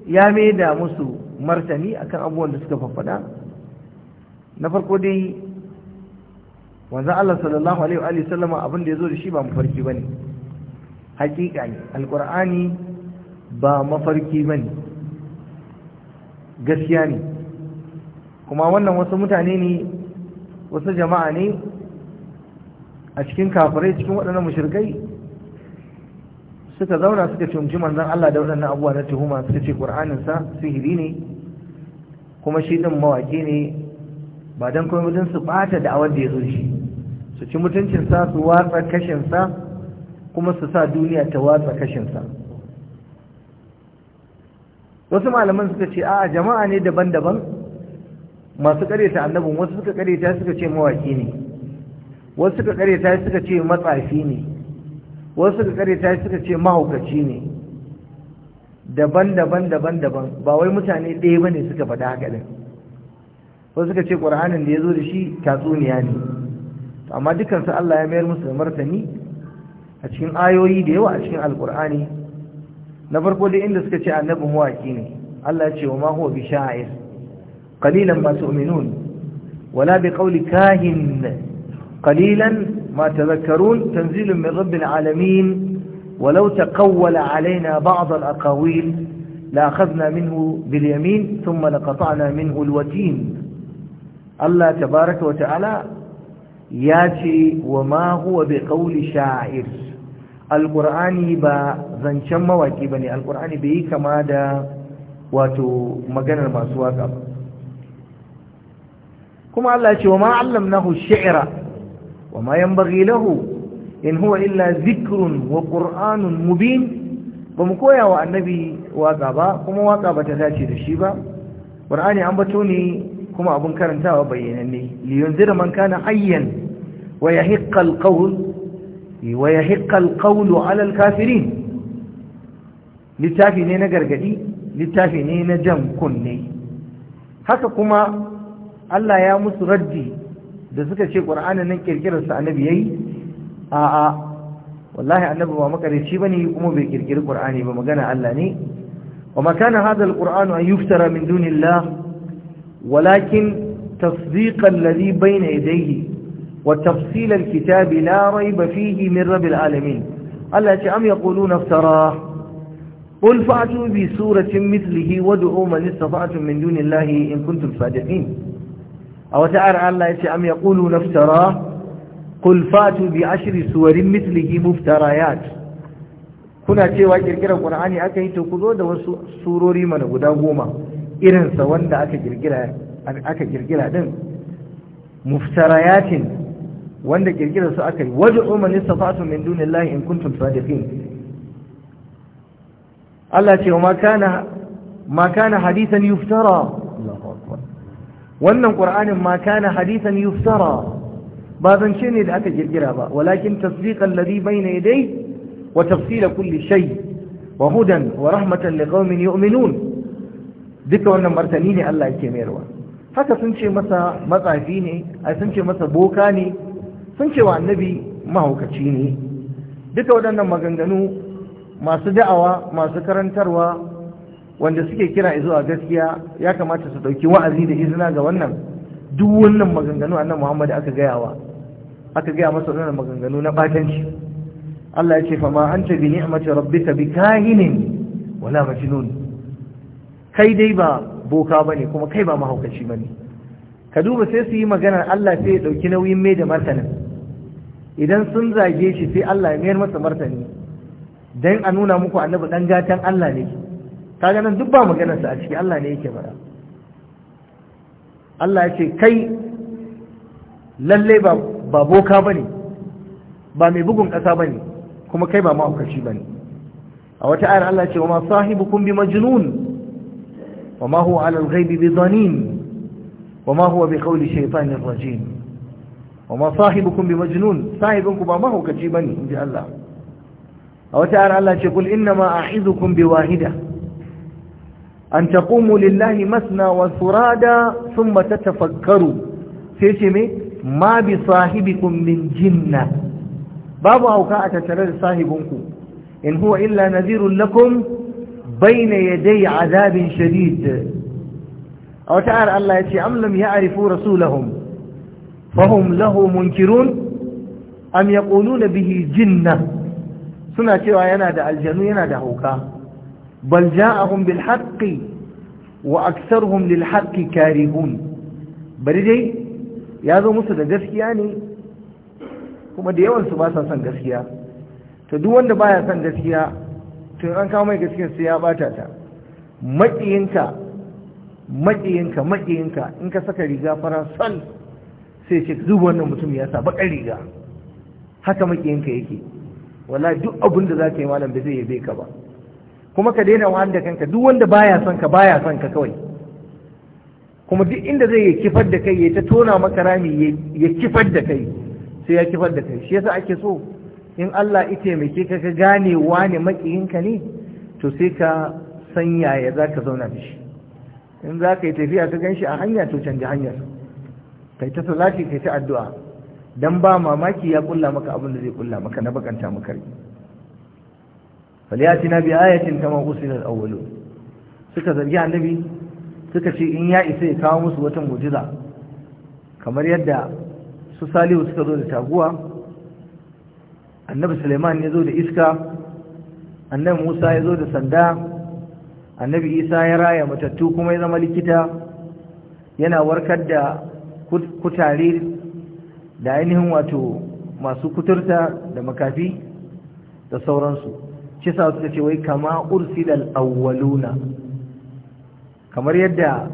ya mai da musu martani akan abubuwan da suka faffada na farko dai wanzan Allah sallallahu alaihi wa sallama abin da ya zo da shi ba mafarki ba ne hakika ne alkur'ani ba mafarki ba ne gaskiya ne kuma wannan wasu mutane ne wasu jama'a ne a cikin kafirai cikin waɗannan mashirgai suka zauna suka cimci manzan Allah da waɗannan abubuwa na tuhuma suka ce ƙur'aninsa sihiri ne kuma shi ɗin mawaƙi ne ba don kuma mutum su bata da awar da ya zo shi su ci mutuncinsa su watsa kashinsa kuma su sa duniya ta watsa kashinsa wasu malaman suka ce a jama'a ne daban-daban masu karyata annabin wasu suka karyata suka ce mawaki ne wasu suka karyata suka ce matsafi ne wasu suka karyata suka ce mahaukaci ne daban-daban daban-daban ba wai mutane ɗaya ba ne suka faɗa haka ɗin wasu suka ce qur'anin da yazo da shi tatsuniya ne amma dukkan dukansu Allah ya mayar musu da martani a cikin ayoyi da yawa a cikin alqur'ani na farko dai inda suka ce annabi muwaki ne Allah ya ce wa ma huwa bi sha'ir qalilan ma tu'minun wala bi qawli kahin qalilan ما تذكرون تنزيل من رب العالمين ولو تقول علينا بعض الأقاويل لأخذنا منه باليمين ثم لقطعنا منه الوتين Allah tabaraka wa ta'ala ya ce wa ma huwa bi qawli sha'ir alqur'ani ba zancen mawaki bane alqur'ani bai yi kama da wato maganar masu waka ba kuma Allah ce wa ma allamnahu shi'ra wa ma yanbaghi lahu in huwa illa dhikrun wa qur'anun mubin ba mu koya wa annabi waka ba kuma waka ba ta dace da shi ba qur'ani an bato ne kuma abun karantawa bayyananne liyunzira man kana hayyan wa yahiqqa alqawl wa yahiqqa alqawlu alal kafiri littafi ne na gargadi littafi ne na jan kunne haka kuma Allah ya musu raddi da suka ce ƙur'anin nan kirkirarsa annabi yayi a'a wallahi annabi ba makarici bane kuma bai ƙirƙiri ƙur'ani ba magana Allah ne wa makana hadha alqur'anu an yuftara min dunillah ولكن تصديق الذي بين يديه وتفصيل الكتاب لا ريب فيه من رب العالمين التي أم يقولون افتراه قل فأتوا بسورة مثله وادعوا من استطعتم من دون الله إن كنتم صادقين أو تعالى الله أم يقولون افتراه قل فأتوا بعشر سور مثله مفتريات kuna cewa kirkirar ƙur'ani aka yi to ku zo da wasu surori mana guda goma irinsa wanda aka girgira aka girgira din muftarayatin wanda girgira su aka yi wad'u man istata'tum min dunillahi in kuntum sadiqin Allah ce wa makana hadisan yuftara wannan qur'anin makana hadisan yuftara ba zance ne da aka girgira ba walakin tasdiqan ladhi bayna dai? wa tafsila kulli shai. wa hudan wa rahmatan liqaumin yu'minun duka wannan martani ne Allah yake mayarwa haka sun ce masa matsafi ne ai sun ce masa boka ne sun ce wa annabi mahaukaci ne duka waɗannan maganganu masu da'awa masu karantarwa wanda suke kira zuwa gaskiya ya kamata su ɗauki wa'azi da izina ga wannan duk wannan maganganu annabi Muhammad aka gayawa aka gaya masa wannan maganganu na batanci Allah ya ce fa ma anta bi ni'mati rabbika bikahinin wala majnun kai dai ba boka bane kuma kai ba mahaukaci bane ka duba sai su yi maganar Allah sai ya ɗauki nauyin mai da martanin idan sun zage shi sai Allah ya mayar masa martani dan a nuna muku annabi dan gatan Allah ne Ka ganin duk ba maganarsa a ciki Allah ne yake bara Allah ya ce kai lalle ba ba boka bane ba mai bugun kasa bane kuma kai ba mahaukaci bane a wata ayar Allah ya ce wa ma sahibukum bi majnun وما هو على الغيب بضنين وما هو بقول شيطان الرجيم وما صاحبكم بمجنون صاحبكم ما هو كجيبني إن جاء الله أو تعالى الله يقول إنما أعذكم بواحدة أن تقوموا لله مثنى وفرادا ثم تتفكروا سيشمي ما بصاحبكم من جنة بابا أوقاعة تترد صاحبكم إن هو إلا نذير لكم baina ya yadai azabin shadid a wata ayar Allah ya ce am lam ya'rifu rasulahum fahum lahu munkirun am yaquluna bihi jinna suna cewa yana da aljanu yana da hauka bal ja'ahum bil haqqi wa aktharuhum lil haqqi karihun bari dai ya zo musu da gaskiya ne kuma da yawan su ba sa son gaskiya to duk wanda baya son gaskiya Tun an kawo mai gaskiyar sai ya bata ta maƙiyinka maƙiyinka maƙiyinka in ka saka riga fara sal sai ce zuba wannan mutum ya sa baƙar riga haka maƙiyinka yake wala duk abin da za ka yi malam ba zai yabe ka ba kuma ka daina wa da kanka duk wanda baya son ka baya son ka kawai kuma duk inda zai yi kifar da kai ya ta tona maka rami ya kifar da kai sai ya kifar da kai shi yasa ake so in Allah ya taimake ka ka gane wane makiyinka ne to sai ka san yaya za ka zauna da shi in za ka yi tafiya ka gan shi a hanya to canji hanyar kai ta salati kai ta addu'a dan ba mamaki ya kulla maka abin da zai kulla maka na bakanta maka rai faliyatina bi ayatin kama usila al suka zargi annabi suka ce in ya isa ya kawo musu wata mu'jiza kamar yadda su Salihu suka zo da taguwa annabi suleiman ya zo da iska annabi musa ya zo da sanda annabi isa ya raya matattu kuma ya zama likita yana warkar da kutare da ainihin wato masu kuturta da makafi da sauransu shi sa suka ce wai kama ursilal awwaluna kamar yadda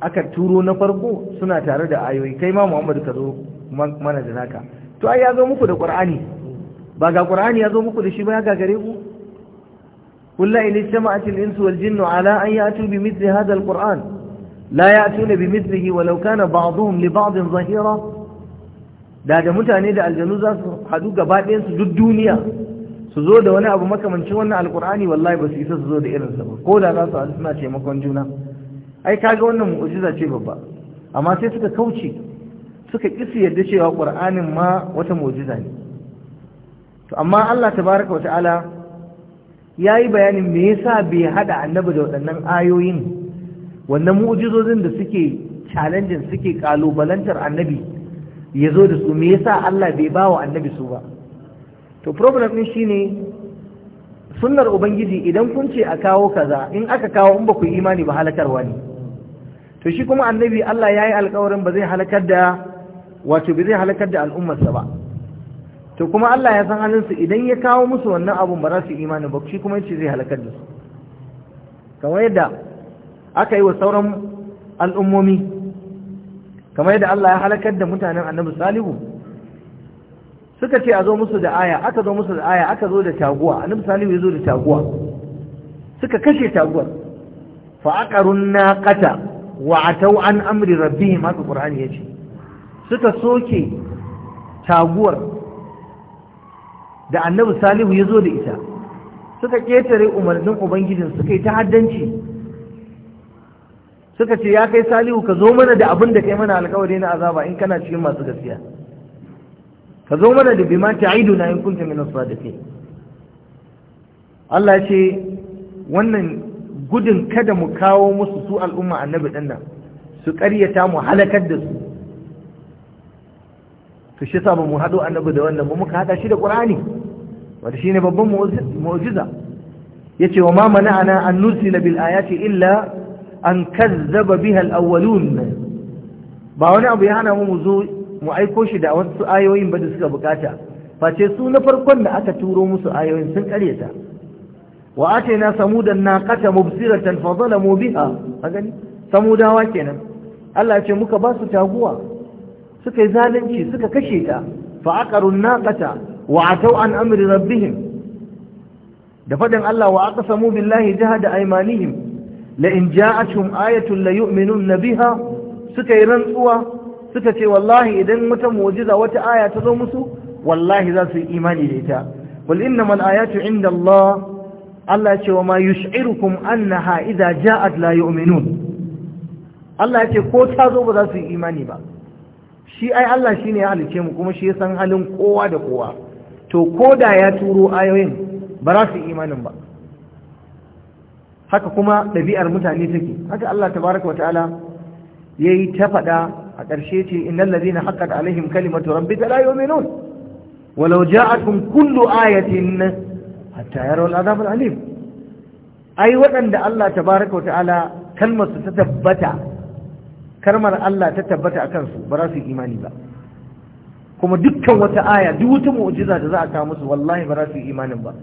aka turo na farko suna tare da ayoyi kai ma Muhammadu ka zo mana da naka to ai ya zo muku da ƙwar'ani ba ga qur'ani ya zo muku da shi ba ya gagare ku kullu in istama'at al-insu wal jinnu ala an ya'tu bi mithli hadha al-qur'an la ya'tuna bi mithlihi walau kana ba'dhum li ba'din zahira da da mutane da aljanu za su hadu gaba ɗayan su duk duniya su zo da wani abu makamancin wannan alqur'ani wallahi ba su isa su zo da irinsa ba ko da za su hadu suna taimakon juna ai kaga wannan mu'jiza ce babba amma sai suka kauce suka ƙi su yarda cewa Kur'anin ma wata mu'jiza ne to amma Allah tabaraka wa ta'ala yayi bayanin me yasa bai hada annabi da waɗannan ayoyin wannan mu'jizozin da suke challenging suke kalubalantar annabi yazo da su me yasa Allah bai bawa annabi su ba to problem din shine sunnar ubangiji idan kun ce a kawo kaza in aka kawo in ba ku imani ba halakarwa ne to shi kuma annabi Allah ya yi alkawarin ba zai halakar da wato bai zai halakar da al'ummarsa ba to kuma Allah ya san halinsu idan ya kawo musu wannan abun ba za su imani ba shi kuma yace zai halakar da su kamar yadda aka yi wa sauran al'ummomi kamar yadda Allah ya halakar da mutanen annabi salihu suka ce a zo musu da aya aka zo musu da aya aka zo da taguwa annabi salihu ya zo da taguwa suka kashe taguwar fa aqarun naqata wa atau an amri rabbihim haka qur'ani yace suka soke taguwar da annabi salihu ya zo da ita suka ƙetare umarnin ubangijin suka yi ta haddanci suka ce ya kai salihu ka zo mana da abin da kai mana alkawari na azaba in kana cikin masu gaskiya ka zo mana da bima na in kunta min as-sadiqin Allah ya ce wannan gudun kada mu kawo musu su al'umma annabi dinnan su ƙaryata mu halakar da su to shi yasa mu haɗo annabi da wannan mu muka haɗa shi da qur'ani wanda shine babban mu'jiza yace wa ma mana'ana an nursila bil ayati illa an kazzaba biha al awwalun ba wani abu ya hana mu zo mu aiko shi da wasu ayoyin ba da suka bukata face su na farkon da aka turo musu ayoyin sun karyata wa atayna samudan naqata mubsiratan fa zalamu biha a samudawa kenan Allah ya ce muka ba su taguwa suka yi zalunci suka kashe ta fa aqarun naqata wa atau an amri rabbihim da fadin Allah wa aqsamu billahi jahada aymanihim la in ja'atuhum ayatun la yu'minunna biha suka yi rantsuwa suka ce wallahi idan wata mu'jiza wata aya ta zo musu wallahi za su yi imani da ita qul innamal ayatu inda Allah Allah ce wa ma yush'irukum annaha idza ja'at la yu'minun Allah ce ko ta zo ba za su yi imani ba shi ai Allah shi ne ya halice mu kuma shi ya san halin kowa da kowa to ko da ya turo ayoyin ba za su imanin ba haka kuma ɗabi'ar mutane take haka Allah tabaraka wata'ala ya yi ta faɗa a ƙarshe ce innal ladina haqqat alaihim kalimatu rabbika la yu'minun walau ja'atkum kullu ayatin hatta yarawul adhab alim ai waɗanda Allah tabaraka wata'ala kalmar su ta tabbata karmar Allah ta tabbata a kansu ba za su yi imani ba kuma dukkan wata aya duk wata mu'jiza da za a kawo musu wallahi ba za su yi imanin ba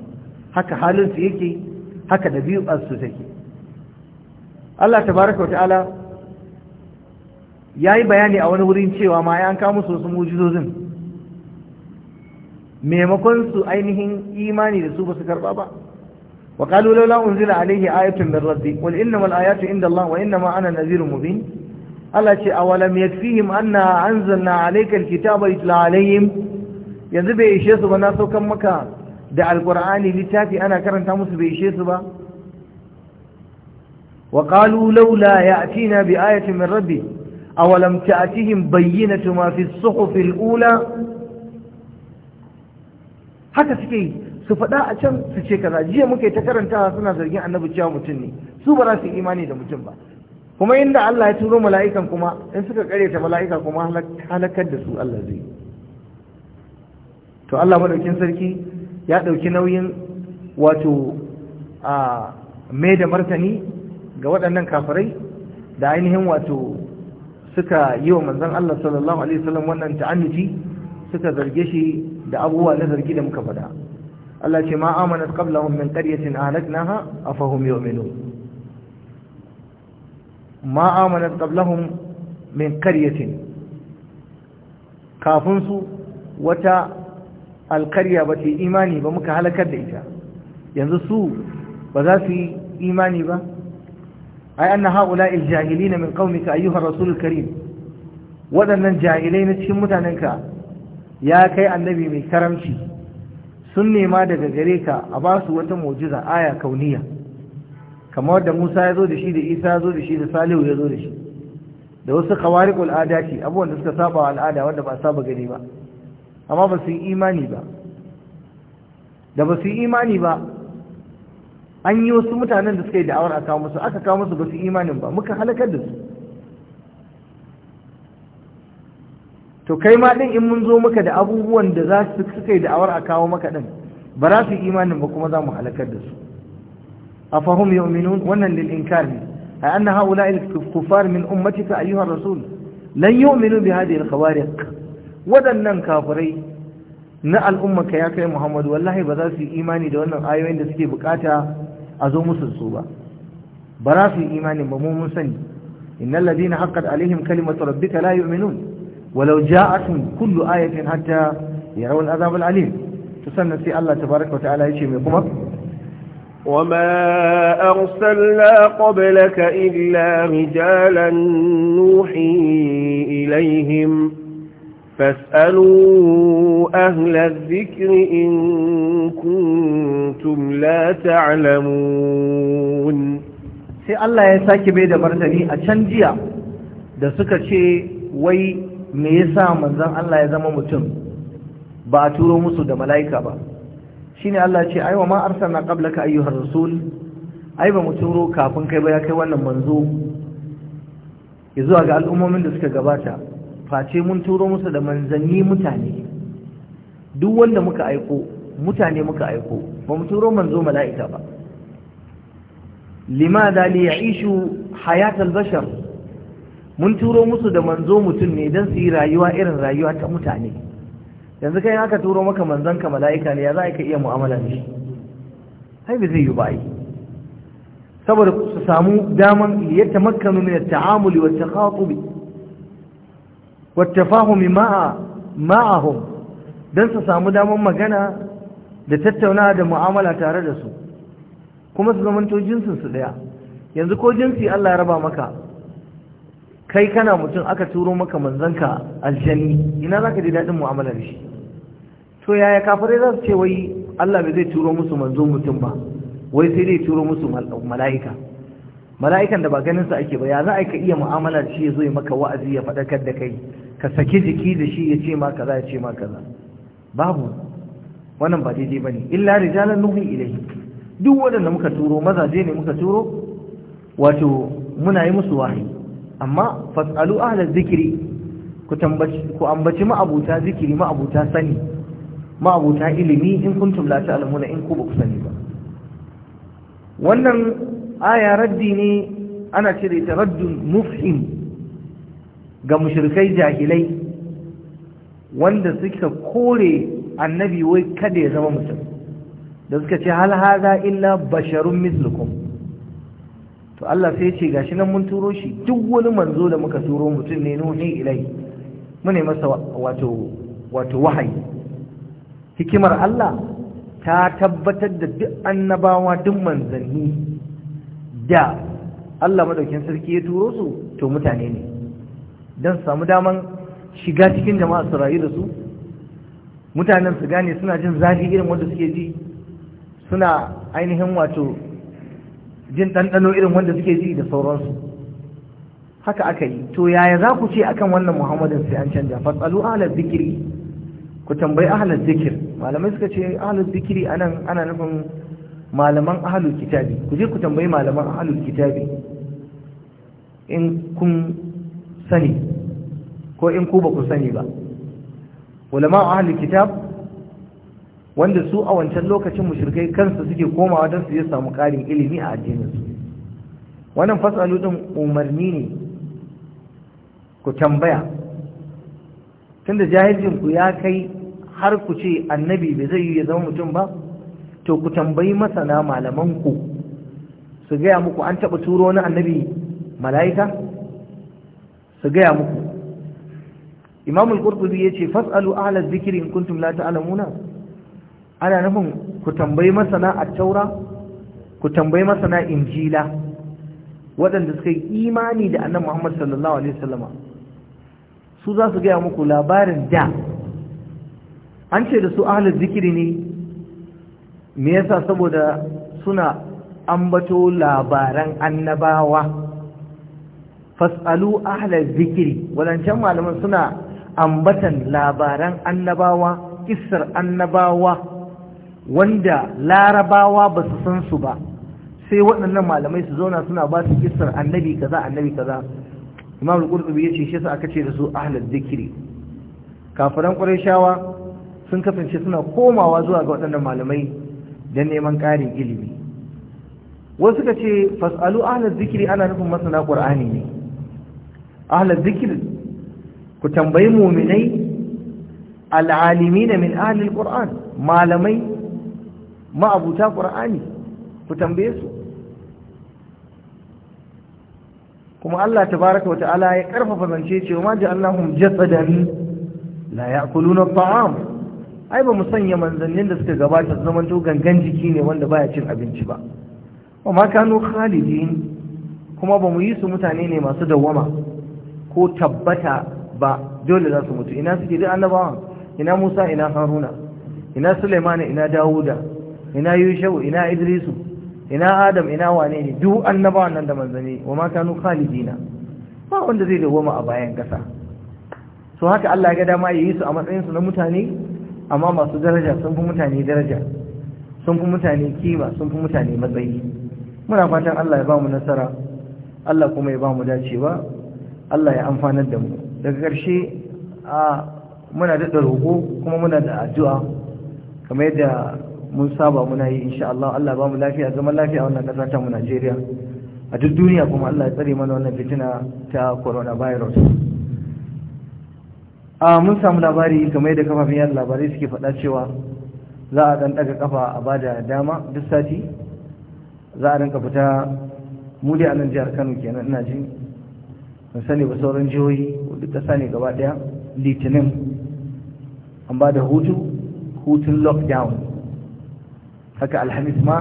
haka halin su yake haka dabi'ar su take Allah tabaraka wa ta'ala yayi bayani a wani wurin cewa ma ya an kawo musu wasu mu'jizozin maimakon su ainihin imani da su ba su karba ba وقالوا لولا أنزل عليه آية من ربي قل إنما الآيات عند الله وإنما أنا نذير مبين Allah ce awalam yakfihim anna anzalna alayka alkitaba yutla alayhim yanzu bai ishe su ba na saukan maka da alqur'ani littafi ana karanta musu bai ishe su ba wa qalu laula ya'tina bi ayatin min rabbi awalam ta'tihim bayyinatu ma fi as-suhuf al-ula haka suke su faɗa a can su ce kaza jiya muke ta karanta suna zargin annabi cewa mutum ne su ba za su imani da mutum ba kuma inda Allah ya turo mala'ikan kuma in suka karyata mala'ika kuma halakar da su Allah zai to Allah madaukin sarki ya ɗauki nauyin wato a mai da martani ga waɗannan kafirai da ainihin wato suka yi wa manzon Allah sallallahu alaihi wasallam wannan ta'annuti suka zarge shi da abubuwa na zargi da muka faɗa Allah ce ma amanat qablahum min qaryatin ahlaknaha afahum yu'minun ma amanat qablahum min qaryatin kafin su wata alkarya ba ta imani ba muka halakar da ita yanzu su ba za su yi imani ba ai anna haula aljahilina min qaumika ayyuha rasul karim wadannan jahilai na cikin mutanenka ya kai annabi mai karamci sun nema daga gareka a ba su wata mu'jiza aya kauniya kamar da Musa ya zo da shi da Isa ya zo da shi da Salihu ya zo da shi da wasu khawariqul adati abubuwan da suka saba wa al'ada wanda ba saba gani ba amma ba su yi imani ba da ba su yi imani ba an yi wasu mutanen da suka yi da'awar a kawo musu aka kawo musu ba su imanin ba muka halakar da su to kai ma din in mun zo maka da abubuwan da za su suka yi da'awar a kawo maka din ba za su yi imanin ba kuma za mu halakar da su أفهم يؤمنون ونا للإنكار أن هؤلاء الكفار من أمتك أيها الرسول لن يؤمنوا بهذه الخوارق ودنا kafurai na al'ummarka ya kai Muhammadu wallahi ba za su yi imani da wannan ayoyin da suke bukata a zo musu su ba ba za su yi imani ba mu mun sani innal ladina haqqat alaihim kalimatu rabbika la yu'minun walau ja'atuhum kullu ayatin hatta yarawul azab al-alim sannan sai Allah tabaaraka wa ta'ala yace mai kuma وما أرسلنا قبلك إلا رجالا نوحي إليهم فاسألوا أهل الذكر إن كنتم لا تعلمون sai Allah ya sake bai da martani a can jiya da suka ce wai me yasa manzon Allah ya zama mutum ba a turo musu da mala'ika ba shine Allah ce aiwa ma arsalna qablaka ayyuhar rasul ai ba mu turo kafin kai ba ya kai wannan manzo zuwa ga al'ummomin da suka gabata face mun turo musu da manzanni mutane duk wanda muka aiko mutane muka aiko ba mu turo manzo mala'ika ba limada li ya'ishu hayatal bashar mun turo musu da manzo mutum ne don su yi rayuwa irin rayuwa ta mutane yanzu kai aka turo maka manzon ka mala'ika ne ya za ka iya mu'amala da shi sai bai zai yi ba saboda su samu daman ya tamakkanu min at-ta'amuli wa at-takhatub wa at-tafahumi ma'a ma'ahum dan su samu daman magana da tattauna da mu'amala tare da su kuma su to jinsin su daya yanzu ko jinsi Allah ya raba maka kai kana mutum aka turo maka manzanka aljani ina zaka ji dadin mu'amala da shi to yaya kafirai za su ce wai Allah bai zai turo musu manzo mutum ba wai sai dai turo musu mala'ika mala'ikan da ba ganin su ake ba ya za a ka iya mu'amala da shi ya zo ya maka wa'azi ya faɗakar da kai ka saki jiki da shi ya ce ma kaza ya ce ma kaza babu wannan ba daidai bane illa rijalan nuhi ilayhi duk waɗanda muka turo mazaje ne muka turo wato muna yi musu wahayi amma fasalu ahlaz zikri ku tambaci ku ambaci zikri zikiri abuta sani ma'abuta ilimi in kuntum la ta'lamuna in ku ba ku sani ba wannan aya raddi ne ana cire ta raddun mufhim ga mushrikai jahilai wanda suka kore annabi wai kada ya zama mutum da suka ce hal haza illa basharun mislukum to Allah sai ce gashi nan mun turo shi duk wani manzo da muka turo mutum ne nuhi ilai ne masa wato wahayi hikimar Allah ta tabbatar da duk annabawa duk manzanni da Allah madaukin sarki ya turo su to mutane ne don samu daman shiga cikin jama'a su rayu da su mutanen su gane suna jin zafi irin wanda suke ji suna ainihin wato jin ɗanɗano irin wanda suke ji da sauransu haka aka yi to yaya za ku ce akan wannan muhammadin sai an canja fatsalu ala zikiri ku tambayi ahlul zikir malamai suka ce ahlul zikiri anan ana nufin malaman ahlul kitabi ku je ku tambayi malaman ahlul kitabi in kun sani ko in ku ba ku sani ba ulama ahlul kitab wanda su a wancan lokacin mushrikai kansu suke komawa don su je samu karin ilimi a addinin su wannan fasalu din umarni ne ku tambaya tunda jahilcin ku ya kai har ku ce annabi bai zai yi ya zama mutum ba to ku tambayi masana malaman ku su gaya muku an taɓa turo na annabi mala'ika su gaya muku imamul qurtubi ya ce fas'alu ahla zikiri in kuntum la ta'lamuna ana nufin ku tambayi masana a taura ku tambayi masana injila waɗanda suka yi imani da annabi muhammad sallallahu alaihi wasallama su za su gaya muku labarin da an ce da su ahalar zikiri ne me yasa saboda suna ambato labaran annabawa fasalu ahalar zikiri wadancan malaman suna ambatan labaran annabawa kissar annabawa wanda larabawa ba su san su ba sai waɗannan malamai su zauna suna ba su kissar annabi kaza annabi kaza imam al-qurtubi yace shi yasa aka ce da su ahlul zikri kafiran qurayshawa sun kasance suna komawa zuwa ga waɗannan malamai don neman ƙarin ilimi wasu suka ce fasalu ahlul zikri ana nufin masana qur'ani ne ahlul zikri ku tambayi mu'minai al'alimin min ahlul qur'an malamai abuta qur'ani ku tambaye su kuma Allah ta baraka wa ta'ala ya karfafa zance cewa ma da ni." la ya kulu na taam ai ba mu sanya manzannin da suka gabata su zamanto gangan jiki ne wanda baya cin abinci ba ba ma kano khalidin kuma ba mu yi su mutane ne masu dawwama ko tabbata ba dole za su mutu ina suke duk annabawan ina Musa ina Haruna ina Sulaiman ina Dawuda ina Yushau ina Idrisu ina adam ina wane ne duk annabawan nan da manzanni wa ma kanu khalidina ba wanda zai dawoma a bayan kasa so haka Allah ya ga dama yayi su a matsayin su na mutane amma masu daraja sun fi mutane daraja sun fi mutane kima sun fi mutane matsayi muna fatan Allah ya ba mu nasara Allah kuma ya ba mu dacewa Allah ya amfanar da mu daga ƙarshe a muna da roƙo kuma muna da addu'a kamar yadda mun saba muna yi insha Allah Allah ba mu lafiya zaman lafiya wannan ƙasa ta mu Najeriya a duk duniya kuma Allah ya tsare mana wannan fitina ta coronavirus a mun samu labari kamar yadda kafafen yadda labarai suke faɗa cewa za a ɗan ɗaga kafa a bada dama duk sati za a rinka fita mu dai a nan jihar Kano kenan ina ji ban sani ba sauran jihohi duk ƙasa ne gaba ɗaya litinin an ba da hutu hutun lockdown haka alhamis ma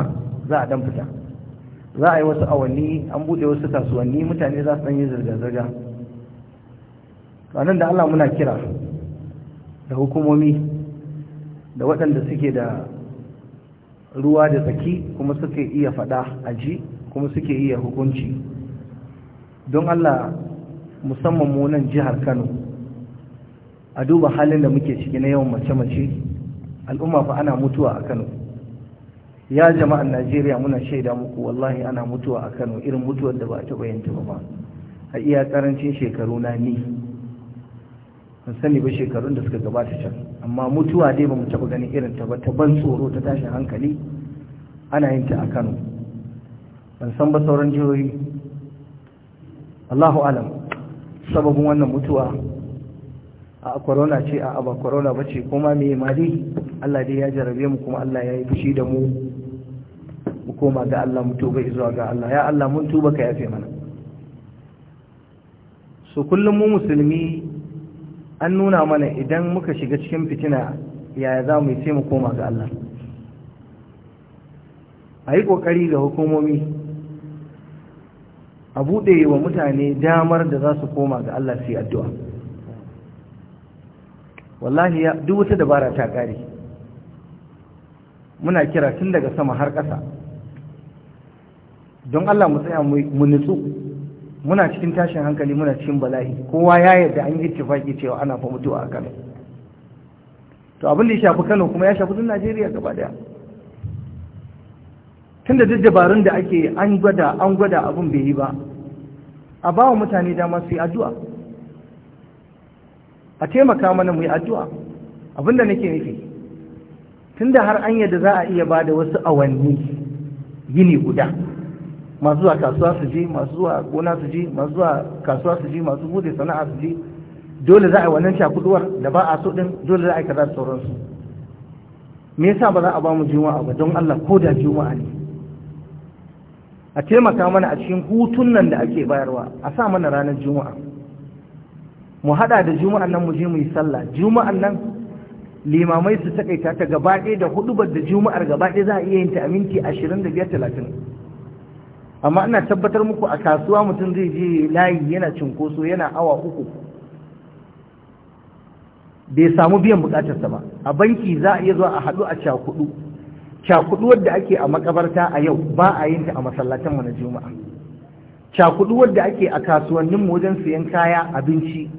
za a dan fita za a yi wasu awanni an buɗe wasu kasuwanni mutane za su yi zirga-zirga ranar da allah muna kira da hukumomi da waɗanda suke da ruwa da tsaki kuma suke iya faɗa a ji kuma suke iya hukunci don allah musamman mu nan jihar kano a duba halin da muke ciki na yawan mace-mace al'umma fa ana mutuwa a kano ya jama'an najeriya muna shaida muku wallahi ana mutuwa a kano irin mutuwar da ba a taɓa yin ba a iya karancin shekaru na ni ban sani ba shekarun da suka gabata can amma mutuwa dai ba mu taɓa ganin irin ta ba ta ban tsoro ta tashin hankali ana yin ta a kano ban san ba sauran jihohi allahu alam sababin wannan mutuwa a corona ce a ba corona ba ce kuma mai mali Allah dai ya jarabe mu kuma Allah ya yi fushi da mu mu koma ga Allah mu tuba zuwa ga Allah ya Allah mun tuba ka yafe mana Su kullum mu musulmi an nuna mana idan muka shiga cikin fitina yaya za mu yi sai mu koma ga Allah a yi ƙoƙari ga hukumomi a buɗe wa mutane damar da za su koma ga Allah su yi addu'a wallahi duk wata dabara ta ƙare muna kira tun daga sama har ƙasa don Allah mu tsaya mu nutsu muna cikin tashin hankali muna cikin bala'i kowa ya yarda an yi ittifaki cewa ana fa mutuwa a Kano to abin da ya shafi Kano kuma ya shafi duk Najeriya gaba daya tunda da dabarun da ake an gwada an gwada abin bai yi ba a ba wa mutane dama su yi addu'a a taimaka mana mu yi addu'a Abin da nake nufi tunda har an yadda za a iya ba da wasu awanni yini guda masu zuwa kasuwa su ji masu zuwa gona su ji masu zuwa kasuwa su ji masu bude sana'a su ji dole za a yi wannan shakuduwar da ba a so din dole za a yi kaza da sauransu me yasa ba za a ba mu juma'a ba don Allah ko da juma'a ne a taimaka mana a cikin hutun nan da ake bayarwa a sa mana ranar juma'a mu hada da juma'an nan mu je mu yi sallah juma'an nan limamai su takaita ta gaba ɗaya da hudubar da juma'ar gaba ɗaya za a iya yin ta a minti 25 30 amma ina tabbatar muku a kasuwa mutum zai je layi yana cinkoso yana awa uku bai samu biyan bukatarsa ba a banki za a iya zuwa a haɗu a cakudu cakudu wadda ake a makabarta a yau ba a yin ta a masallatan juma'a cakudu wadda ake a kasuwannin wajen sayan kaya abinci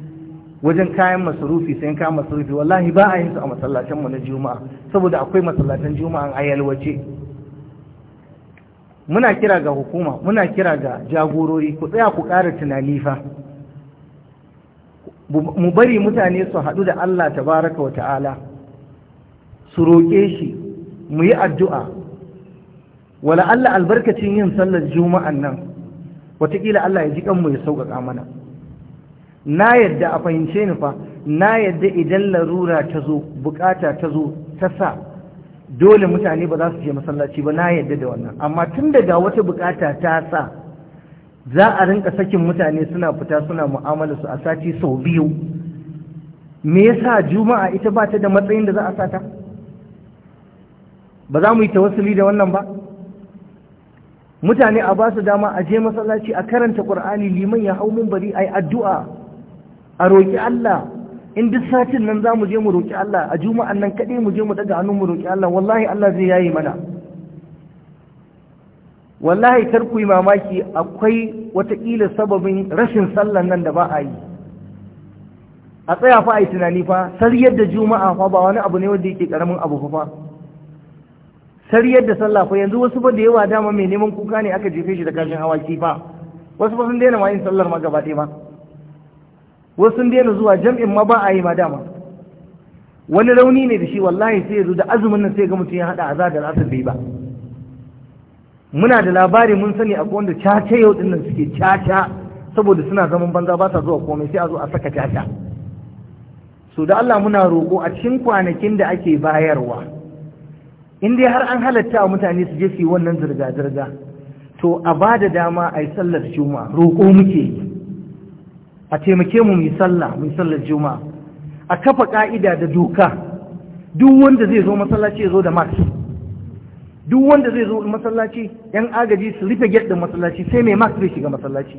wajen kayan masarufi sayan kayan masarufi wallahi ba a yin su a masallatan na juma'a saboda akwai masallatan juma'a a yalwace muna kira ga hukuma muna kira ga jagorori ku tsaya ku ƙara tunani fa mu bari mutane su haɗu da Allah tabaraka wa ta'ala su roƙe shi mu yi addu'a wala Allah albarkacin yin sallar juma'an nan wataƙila Allah ya ji kanmu ya sauƙaƙa mana na yadda a fahimce ni fa na yadda idan larura ta zo bukata ta zo ta sa dole mutane ba za su je masallaci ba na yadda da wannan amma tun daga wata bukata ta sa za a rinka sakin mutane suna fita suna mu'amala su a sati sau biyu me yasa juma'a ita ba ta da matsayin da za a sata ba za mu yi tawassuli da wannan ba mutane a ba su dama a je masallaci a karanta ƙur'ani liman ya hau mun bari ai addu'a a roki Allah in duk satin nan za mu je mu roƙi Allah a juma'an nan kaɗai mu je mu daga hannu mu roƙi Allah wallahi Allah zai yayi mana wallahi kar ku yi mamaki akwai wataƙila sababin rashin sallan nan da ba a yi a tsaya fa a yi tunani fa sariyar da juma'a fa ba wani abu ne wanda yake karamin abu fa sariyar da sallah fa yanzu wasu ba da yawa dama mai neman kuka ne aka jefe shi da kashin awaki fa wasu ba sun daina ma yin sallar ma gaba ba wasu sun daina zuwa jam'in ma ba a yi ma dama wani rauni ne da shi wallahi sai ya zo da azumin nan sai ga mutum ya haɗa za da asar bai ba muna da labari mun sani a wanda caca yau din nan suke caca saboda suna zaman banza ba sa zuwa komai sai a zo a saka caca so da Allah muna roƙo a cikin kwanakin da ake bayarwa in dai har an halatta wa mutane su je su yi wannan zirga-zirga to a ba da dama a yi sallar juma'a roƙo muke yi a taimake mu mai sallah mai sallar juma'a a kafa ƙa'ida da doka duk wanda zai zo masallaci ya zo da mark? duk wanda zai zo masallaci yan agaji su rufe gate din masallaci sai mai mark zai shiga masallaci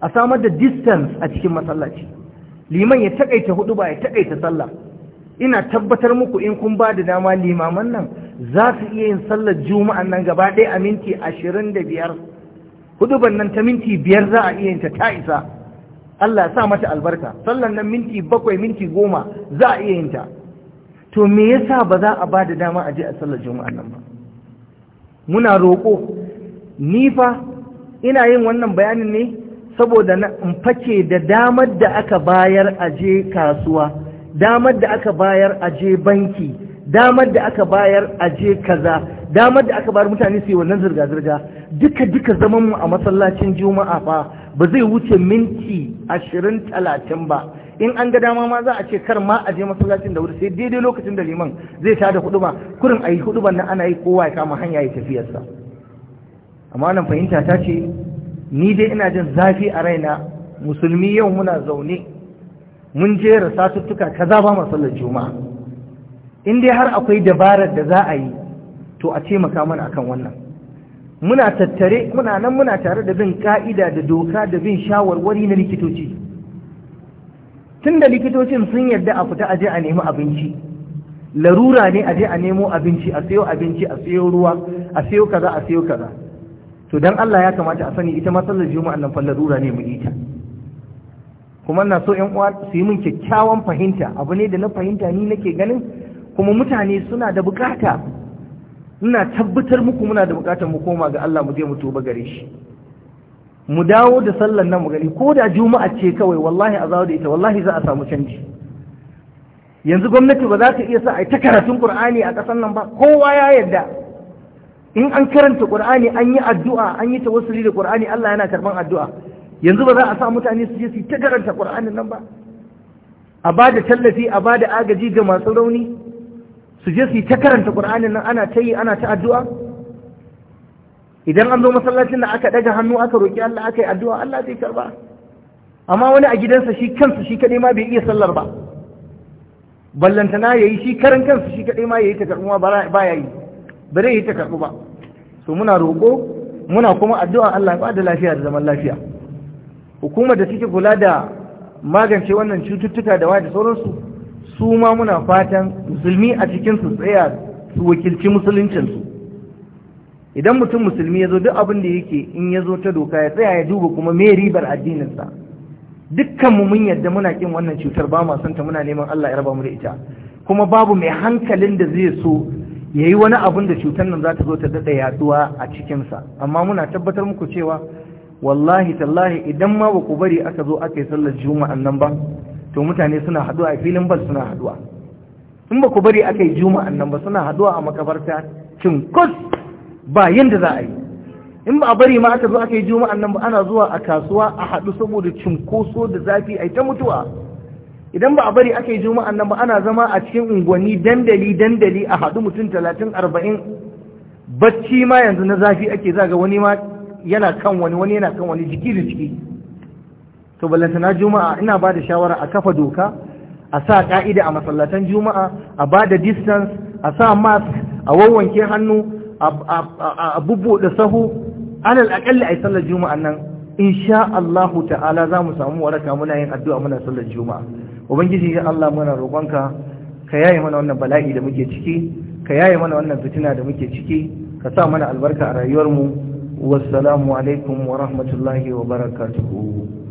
a samar da distance a cikin masallaci liman ya taƙaita hudu ba ya takaita sallah ina tabbatar muku in kun ba da dama limaman nan za su iya yin sallar juma'a nan gaba ɗaya a minti ashirin da biyar ban nan ta minti biyar za a iya yin ta ta isa Allah ya sa mata albarka sallan nan minti bakwai minti goma za a iya yin ta to me yasa ba za a ba da dama a je a sallar juma'a nan ba muna roƙo ni fa ina yin wannan bayanin ne saboda na in fake da damar da aka bayar a je kasuwa damar da aka bayar a je banki damar da aka bayar a je kaza damar da aka bayar mutane su yi wannan zirga-zirga duka duka zaman mu a masallacin juma'a fa ba zai wuce minti ashirin talatin ba in an ga dama ma za a ce kar ma a je masallacin da wuri sai daidai lokacin da liman zai ta da huduma kurin a yi hudu nan ana yi kowa ya kama hanya ya tafiyarsa amma nan fahimta ta ce ni dai ina jin zafi a raina musulmi yau muna zaune mun je rasatuttuka kaza ba sallar juma'a in dai har akwai dabarar da za a yi to a taimaka mana akan wannan muna tattare muna nan muna tare da bin ka'ida da doka da bin shawarwari na likitoci Tunda likitocin sun yarda a fita aje a nemi abinci larura ne aje a nemo abinci a sayo abinci a sayo ruwa a sayo kaza a sayo kaza to dan Allah ya kamata a sani ita matsalar juma'a nan fa larura ne mu ita kuma na so yan uwa su yi min kyakkyawan fahimta abu ne da na fahimta ni nake ganin kuma mutane suna da bukata ina tabbatar muku muna da bukatar mu koma ga Allah mu je mu tuba gare shi mu dawo da sallan nan mu gani ko da juma'a ce kawai wallahi a zawo ita wallahi za a samu canji yanzu gwamnati ba za ta iya sa a yi ta karatun qur'ani a ƙasar nan ba kowa ya yarda in an karanta qur'ani an yi addu'a an yi tawassuli da qur'ani Allah yana karban addu'a yanzu ba za a sa mutane su je su ta karanta qur'anin nan ba a ba tallafi a ba da agaji ga masu rauni su je su yi ta karanta qur'anin nan ana ta yi ana ta addu'a idan an zo masallacin da aka daga hannu aka roki Allah aka yi addu'a Allah zai karba amma wani a gidansa shi kansa shi kadai ma bai iya sallar ba ballantana yayi shi karan kansa shi kadai ma yayi ta karbuwa ba ya yi ba zai yi ta karbu ba so muna roƙo muna kuma addu'a Allah ba da lafiya da zaman lafiya hukumar da suke kula da magance wannan cututtuka da wa da sauransu su ma muna fatan musulmi a cikinsu tsaya su wakilci musuluncinsu idan mutum musulmi ya zo duk abin da yake in ya zo ta doka ya tsaya ya duba kuma me ribar addininsa dukkanmu mun yadda muna kin wannan cutar ba ma ta muna neman Allah ya raba mu da ita kuma babu mai hankalin da zai so ya yi wani abin da cutar nan za ta zo ta daɗa yaduwa a cikinsa amma muna tabbatar muku cewa wallahi tallahi idan ma ba ku bari aka zo aka yi sallar juma'an nan ba to mutane suna haduwa a filin bal suna haduwa in ba ku bari aka yi juma'an nan ba suna haduwa a makabarta cinkus ba yadda za a yi in ba a bari ma aka zo aka yi juma'an nan ba ana zuwa a kasuwa a haɗu saboda cinkoso da zafi a ta mutuwa idan ba a bari aka yi juma'an nan ba ana zama a cikin unguwanni dandali dandali a haɗu mutum talatin arba'in bacci ma yanzu na zafi ake zaga wani ma yana kan wani wani yana kan wani jiki da jiki to ballantana juma'a ina ba da shawara a kafa doka a sa ka'ida a masallatan juma'a a ba da distance a sa mask a wawanke hannu a da sahu alal aƙalli a yi sallar juma'a nan insha Allahu ta'ala za mu samu waraka muna yin addu'a muna sallar juma'a ubangiji ya Allah muna roƙonka ka yaye mana wannan bala'i da muke ciki ka yaye mana wannan fitina da muke ciki ka sa mana albarka a rayuwarmu wassalamu alaikum wa rahmatullahi wa barakatuhu